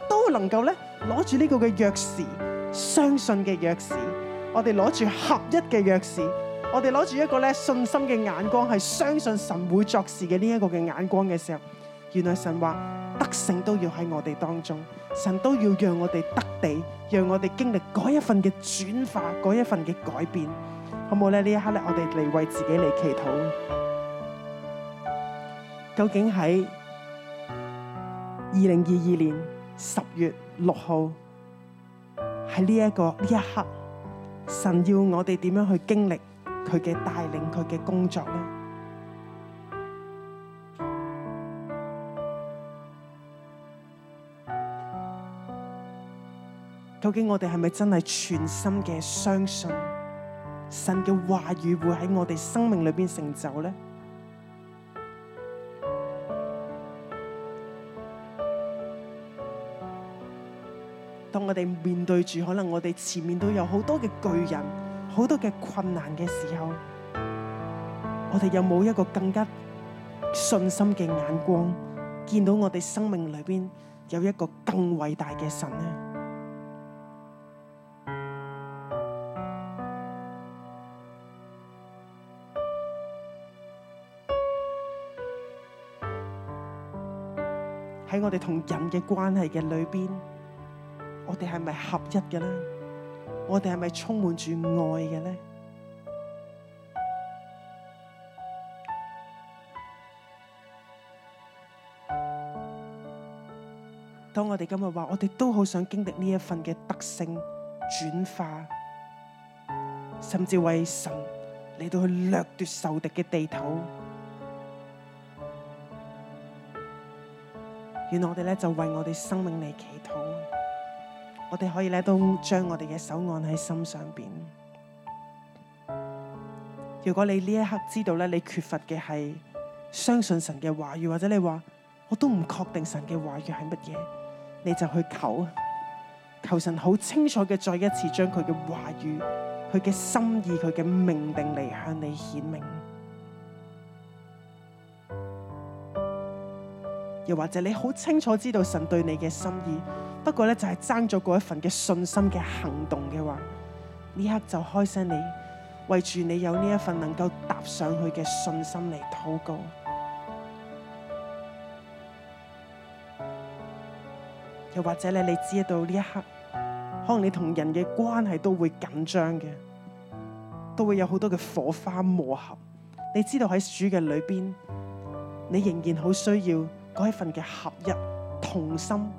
都能夠咧攞住呢個嘅鑰匙，相信嘅鑰匙，我哋攞住合一嘅鑰匙，我哋攞住一個咧信心嘅眼光，係相信神會作事嘅呢一個嘅眼光嘅時候。原來神話德性都要喺我哋當中，神都要讓我哋得地，讓我哋經歷嗰一份嘅轉化，嗰一份嘅改變，好唔好咧？呢一刻咧，我哋嚟為自己嚟祈禱。究竟喺二零二二年十月六號喺呢一個呢一刻，神要我哋點樣去經歷佢嘅帶領，佢嘅工作咧？究竟我哋係咪真係全心嘅相信神嘅話語會喺我哋生命裏邊成就呢？當我哋面對住可能我哋前面都有好多嘅巨人、好多嘅困難嘅時候，我哋有冇一個更加信心嘅眼光，見到我哋生命裏邊有一個更偉大嘅神呢？我哋同人嘅關係嘅裏邊，我哋係咪合一嘅咧？我哋係咪充滿住愛嘅咧？當我哋今日話，我哋都好想經歷呢一份嘅特性轉化，甚至為神嚟到去掠奪仇敵嘅地頭。原來我哋呢就為我哋生命嚟祈禱，我哋可以呢都將我哋嘅手按喺心上面。如果你呢一刻知道呢，你缺乏嘅係相信神嘅話語，或者你話，我都唔確定神嘅話語係乜嘢，你就去求。求神好清楚嘅，再一次將佢嘅話語、佢嘅心意、佢嘅命定嚟向你顯明。又或者你好清楚知道神對你嘅心意，不過咧，就係爭咗嗰一份嘅信心嘅行動嘅話，呢刻就開聲你為住你有呢一份能夠踏上去嘅信心嚟禱告。又或者咧，你知道呢一刻，可能你同人嘅關係都會緊張嘅，都會有好多嘅火花磨合。你知道喺主嘅裏邊，你仍然好需要。嗰一份嘅合一同心，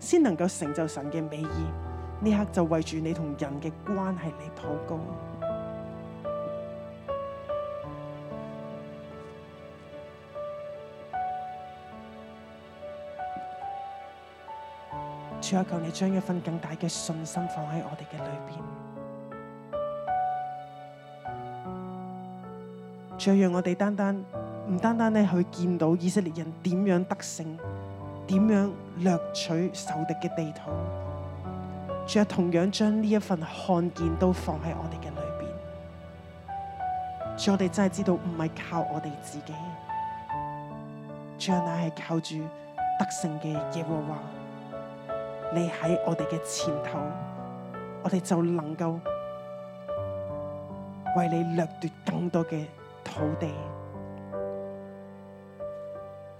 先能夠成就神嘅美意。呢刻就為住你同人嘅關係嚟禱告，再 求你將一份更大嘅信心放喺我哋嘅裏邊，再讓我哋單單。唔單單咧去見到以色列人點樣得勝，點樣掠取仇敵嘅地土，仲有同樣將呢一份看見都放喺我哋嘅裏邊，讓我哋真係知道唔係靠我哋自己，仲有乃係靠住得勝嘅耶和華，你喺我哋嘅前頭，我哋就能夠為你掠奪更多嘅土地。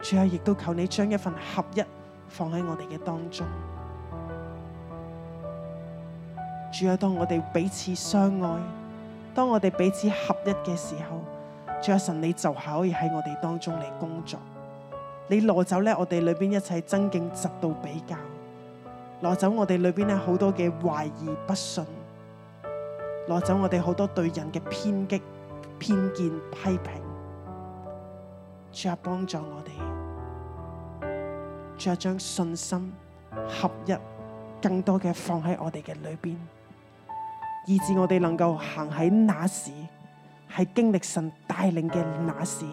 主啊，亦都求你將一份合一放喺我哋嘅當中。主啊，當我哋彼此相愛，當我哋彼此合一嘅時候，主啊神，你就係可以喺我哋當中嚟工作。你攞走咧，我哋裏邊一切爭競、嫉妒、比較，攞走我哋裏邊咧好多嘅懷疑、不信，攞走我哋好多對人嘅偏激、偏見、批評。有幫助我哋，有將信心合一，更多嘅，放喺我哋嘅裏邊，以至我哋能夠行喺那時，係經歷神帶領嘅那時，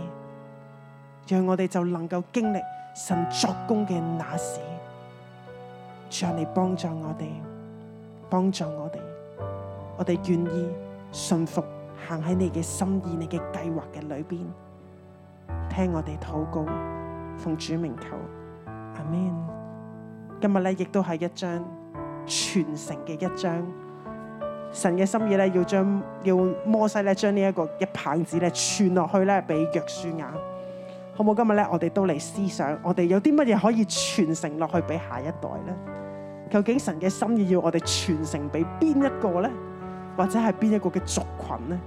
讓我哋就能夠經歷神作工嘅那時。有嚟幫助我哋，幫助我哋，我哋願意信服行喺你嘅心意、你嘅計劃嘅裏邊。聽我哋禱告，奉主名求，阿門，今日咧亦都係一張傳承嘅一張，神嘅心意咧要將要摩西咧將呢一個一棒子咧傳落去咧俾約書亞。好冇？今日咧我哋都嚟思想，我哋有啲乜嘢可以傳承落去俾下一代咧？究竟神嘅心意要我哋傳承俾邊一個咧？或者係邊一個嘅族群咧？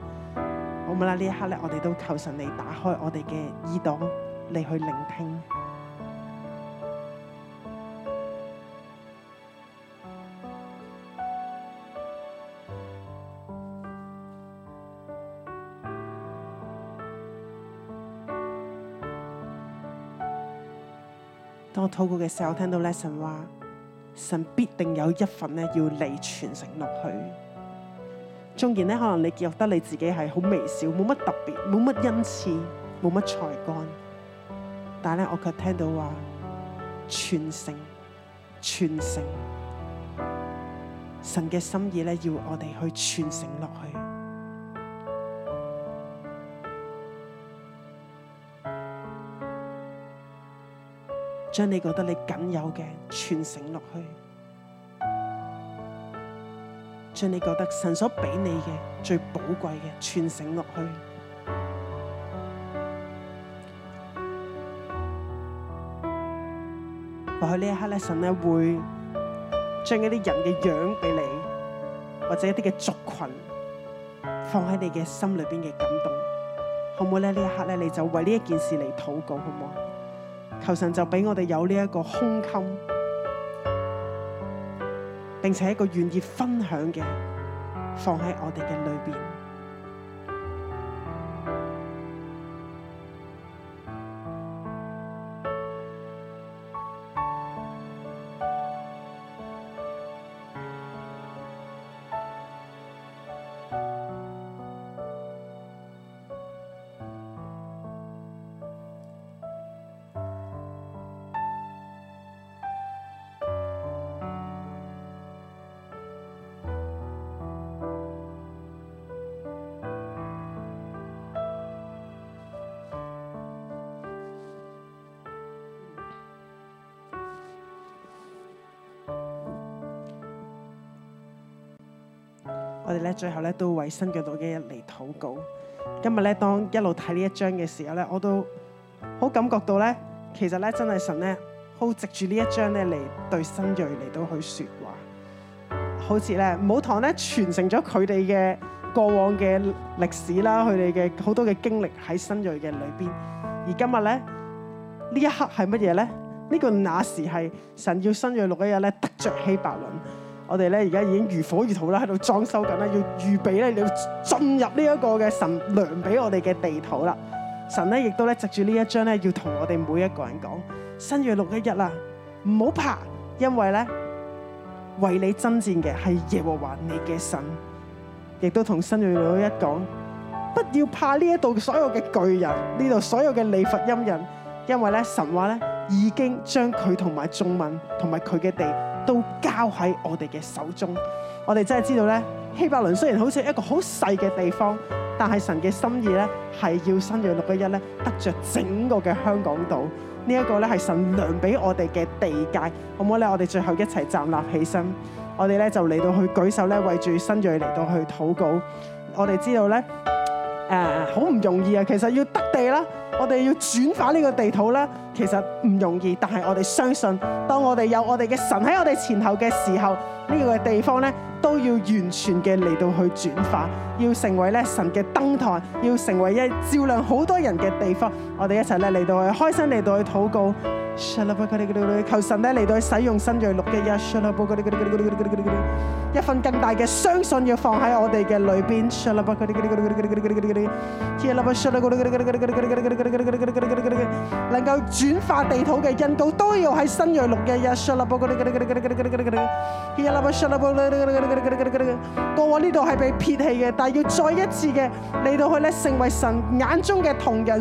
咁啦，呢一刻咧，我哋都求神，你打開我哋嘅耳朵，嚟去聆聽。 當我禱告嘅時候，聽到咧神話，神必定有一份咧要你傳承落去。縱然呢，可能你覺得你自己係好微小，冇乜特別，冇乜恩賜，冇乜才幹，但係咧，我卻聽到話傳承、傳承，神嘅心意咧，要我哋去傳承落去，將你覺得你僅有嘅傳承落去。將你覺得神所俾你嘅最寶貴嘅傳承落去，或許呢一刻神咧會將一啲人嘅樣俾你，或者一啲嘅族群放喺你嘅心裏邊嘅感動，好唔好呢？呢一刻你就為呢一件事嚟禱告，好唔好？求神就俾我哋有呢一個胸襟。並且一個願意分享嘅，放喺我哋嘅裏邊。咧最後咧都為新蕊度嘅一嚟禱告。今日咧當一路睇呢一章嘅時候咧，我都好感覺到咧，其實咧真係神咧好藉住呢一章咧嚟對新蕊嚟到去說話。好似咧母堂咧傳承咗佢哋嘅過往嘅歷史啦，佢哋嘅好多嘅經歷喺新蕊嘅裏邊。而今日咧呢一刻係乜嘢咧？呢、這個那時係神要新蕊錄嘅日咧，得着希伯倫。我哋咧而家已經如火如荼啦，喺度裝修緊啦，要預備咧要進入呢一個嘅神糧俾我哋嘅地土啦。神咧亦都咧藉住呢一章咧，要同我哋每一個人講，新約六一一日啦，唔好怕，因為咧為你爭戰嘅係耶和華你嘅神，亦都同新約六一講，不要怕呢一度所有嘅巨人，呢度所有嘅利乏音人，因為咧神話咧已經將佢同埋眾民同埋佢嘅地。都交喺我哋嘅手中，我哋真係知道咧，希伯倫雖然好似一個好細嘅地方，但係神嘅心意咧係要新約六一一咧得着整個嘅香港島，呢、這、一個咧係神量俾我哋嘅地界，好唔好咧？我哋最後一齊站立起身，我哋咧就嚟到去舉手咧為住新約嚟到去禱告，我哋知道咧誒好唔容易啊，其實要得地啦。我哋要轉化呢個地圖咧，其實唔容易，但係我哋相信，當我哋有我哋嘅神喺我哋前後嘅時候，呢個地方咧都要完全嘅嚟到去轉化，要成為咧神嘅燈台，要成為一照亮好多人嘅地方。我哋一齊咧嚟到去開心嚟到去禱告。求神呢，嚟到使用新蕊六嘅日，神啊！一份更大嘅相信要放喺我哋嘅裏邊，能夠轉化地土嘅恩膏都要喺新蕊六嘅日，神啊！過往呢度係被撇棄嘅，但係要再一次嘅嚟到去咧，成為神眼中嘅同人，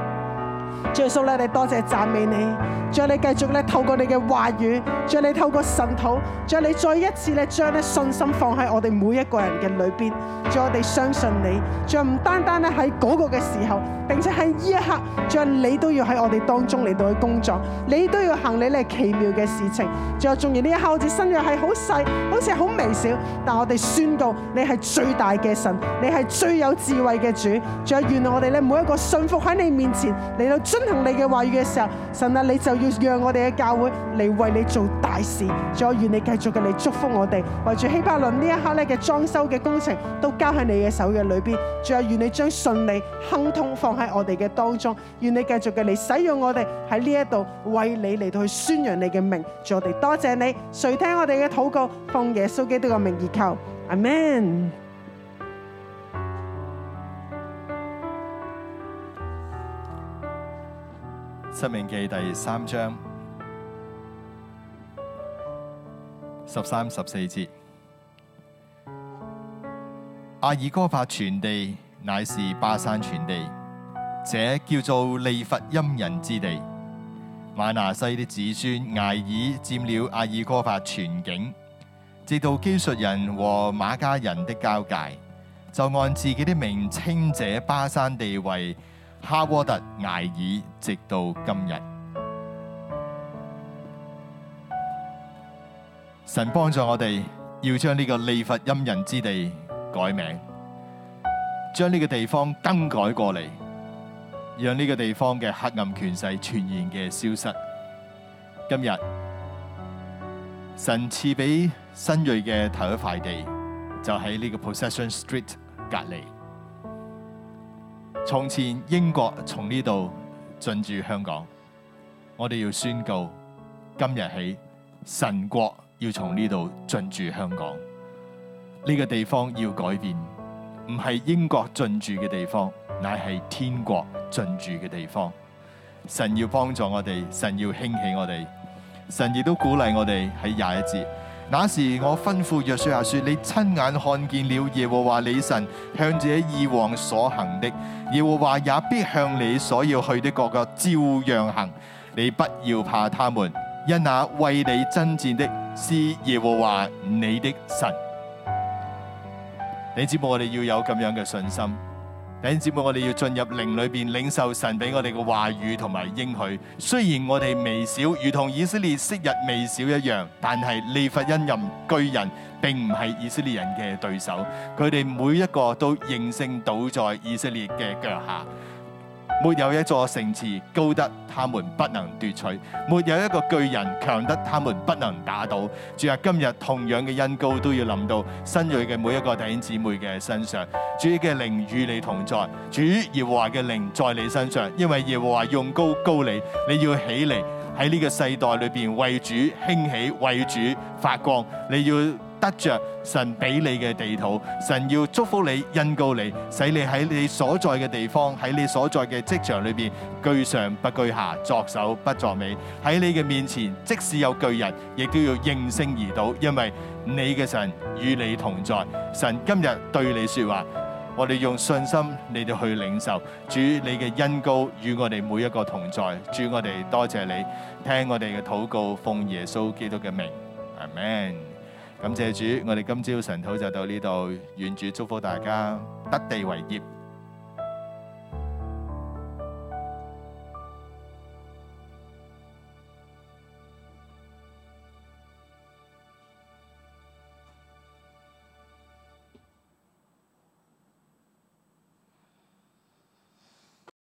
耶穌咧，你多謝讚美你，將你繼續咧透過你嘅話語，將你透過神土，將你再一次咧將咧信心放喺我哋每一個人嘅裏邊，叫我哋相信你。仲有唔單單咧喺嗰個嘅時候，並且喺呢一刻，仲有你都要喺我哋當中嚟到去工作，你都要行你咧奇妙嘅事情。仲有做完呢一刻，我哋心入係好細，好似好微小，但我哋宣告你係最大嘅神，你係最有智慧嘅主。仲有願我哋咧每一個信服喺你面前嚟到行你嘅話語嘅時候，神啊，你就要讓我哋嘅教會嚟為你做大事。仲有願你繼續嘅嚟祝福我哋，為住希伯倫呢一刻咧嘅裝修嘅工程都交喺你嘅手嘅裏邊。仲有願你將順利亨通放喺我哋嘅當中，願你繼續嘅嚟使用我哋喺呢一度為你嚟到去宣揚你嘅名。我哋多謝你，垂聽我哋嘅禱告，奉耶穌基督嘅名而求，阿門。《申命記》第三章，十三十四節。節阿爾哥法全地乃是巴山全地，這叫做利弗因人之地。瑪拿西的子孫亞爾佔了阿爾哥法全境，直到基述人和瑪家人的交界，就按自己的名稱這巴山地位。哈沃特艾爾，直到今日，神幫助我哋要將呢個利佛陰人之地改名，將呢個地方更改過嚟，讓呢個地方嘅黑暗權勢全然嘅消失。今日神賜俾新銳嘅頭一塊地，就喺呢個 Possession Street 隔離。從前英國從呢度進駐香港，我哋要宣告今日起，神國要從呢度進駐香港。呢個地方要改變，唔係英國進駐嘅地方，乃係天國進駐嘅地方。神要幫助我哋，神要興起我哋，神亦都鼓勵我哋喺廿一節。那時我吩咐約書亞說：你親眼看見了耶和華你神向這二王所行的，耶和華也必向你所要去的各國照樣行。你不要怕他們，因那為你爭戰的是耶和華你的神。你知唔知我哋要有咁樣嘅信心？第一節目，我哋要進入靈裏邊領受神俾我哋嘅話語同埋應許。雖然我哋微小，如同以色列昔日微小一樣，但係利乏音人巨人並唔係以色列人嘅對手，佢哋每一個都應聲倒在以色列嘅腳下。沒有一座城池高得他們不能奪取，沒有一個巨人強得他們不能打倒。主啊，今日同樣嘅恩膏，都要臨到新蕊嘅每一個弟兄姊妹嘅身上。主嘅靈與你同在，主耶和華嘅靈在你身上，因為耶和華用膏膏你，你要起嚟喺呢個世代裏邊為主興起，為主發光，你要。得著神俾你嘅地土，神要祝福你，恩膏你，使你喺你所在嘅地方，喺你所在嘅職場裏邊，居上不居下，作首不作尾。喺你嘅面前，即使有巨人，亦都要應聲而倒，因為你嘅神與你同在。神今日對你說話，我哋用信心，你哋去領受。主，你嘅恩膏與我哋每一個同在。主，我哋多謝你，聽我哋嘅禱告，奉耶穌基督嘅名，阿門。感謝主，我哋今朝晨土就到呢度，願主祝福大家得地為業。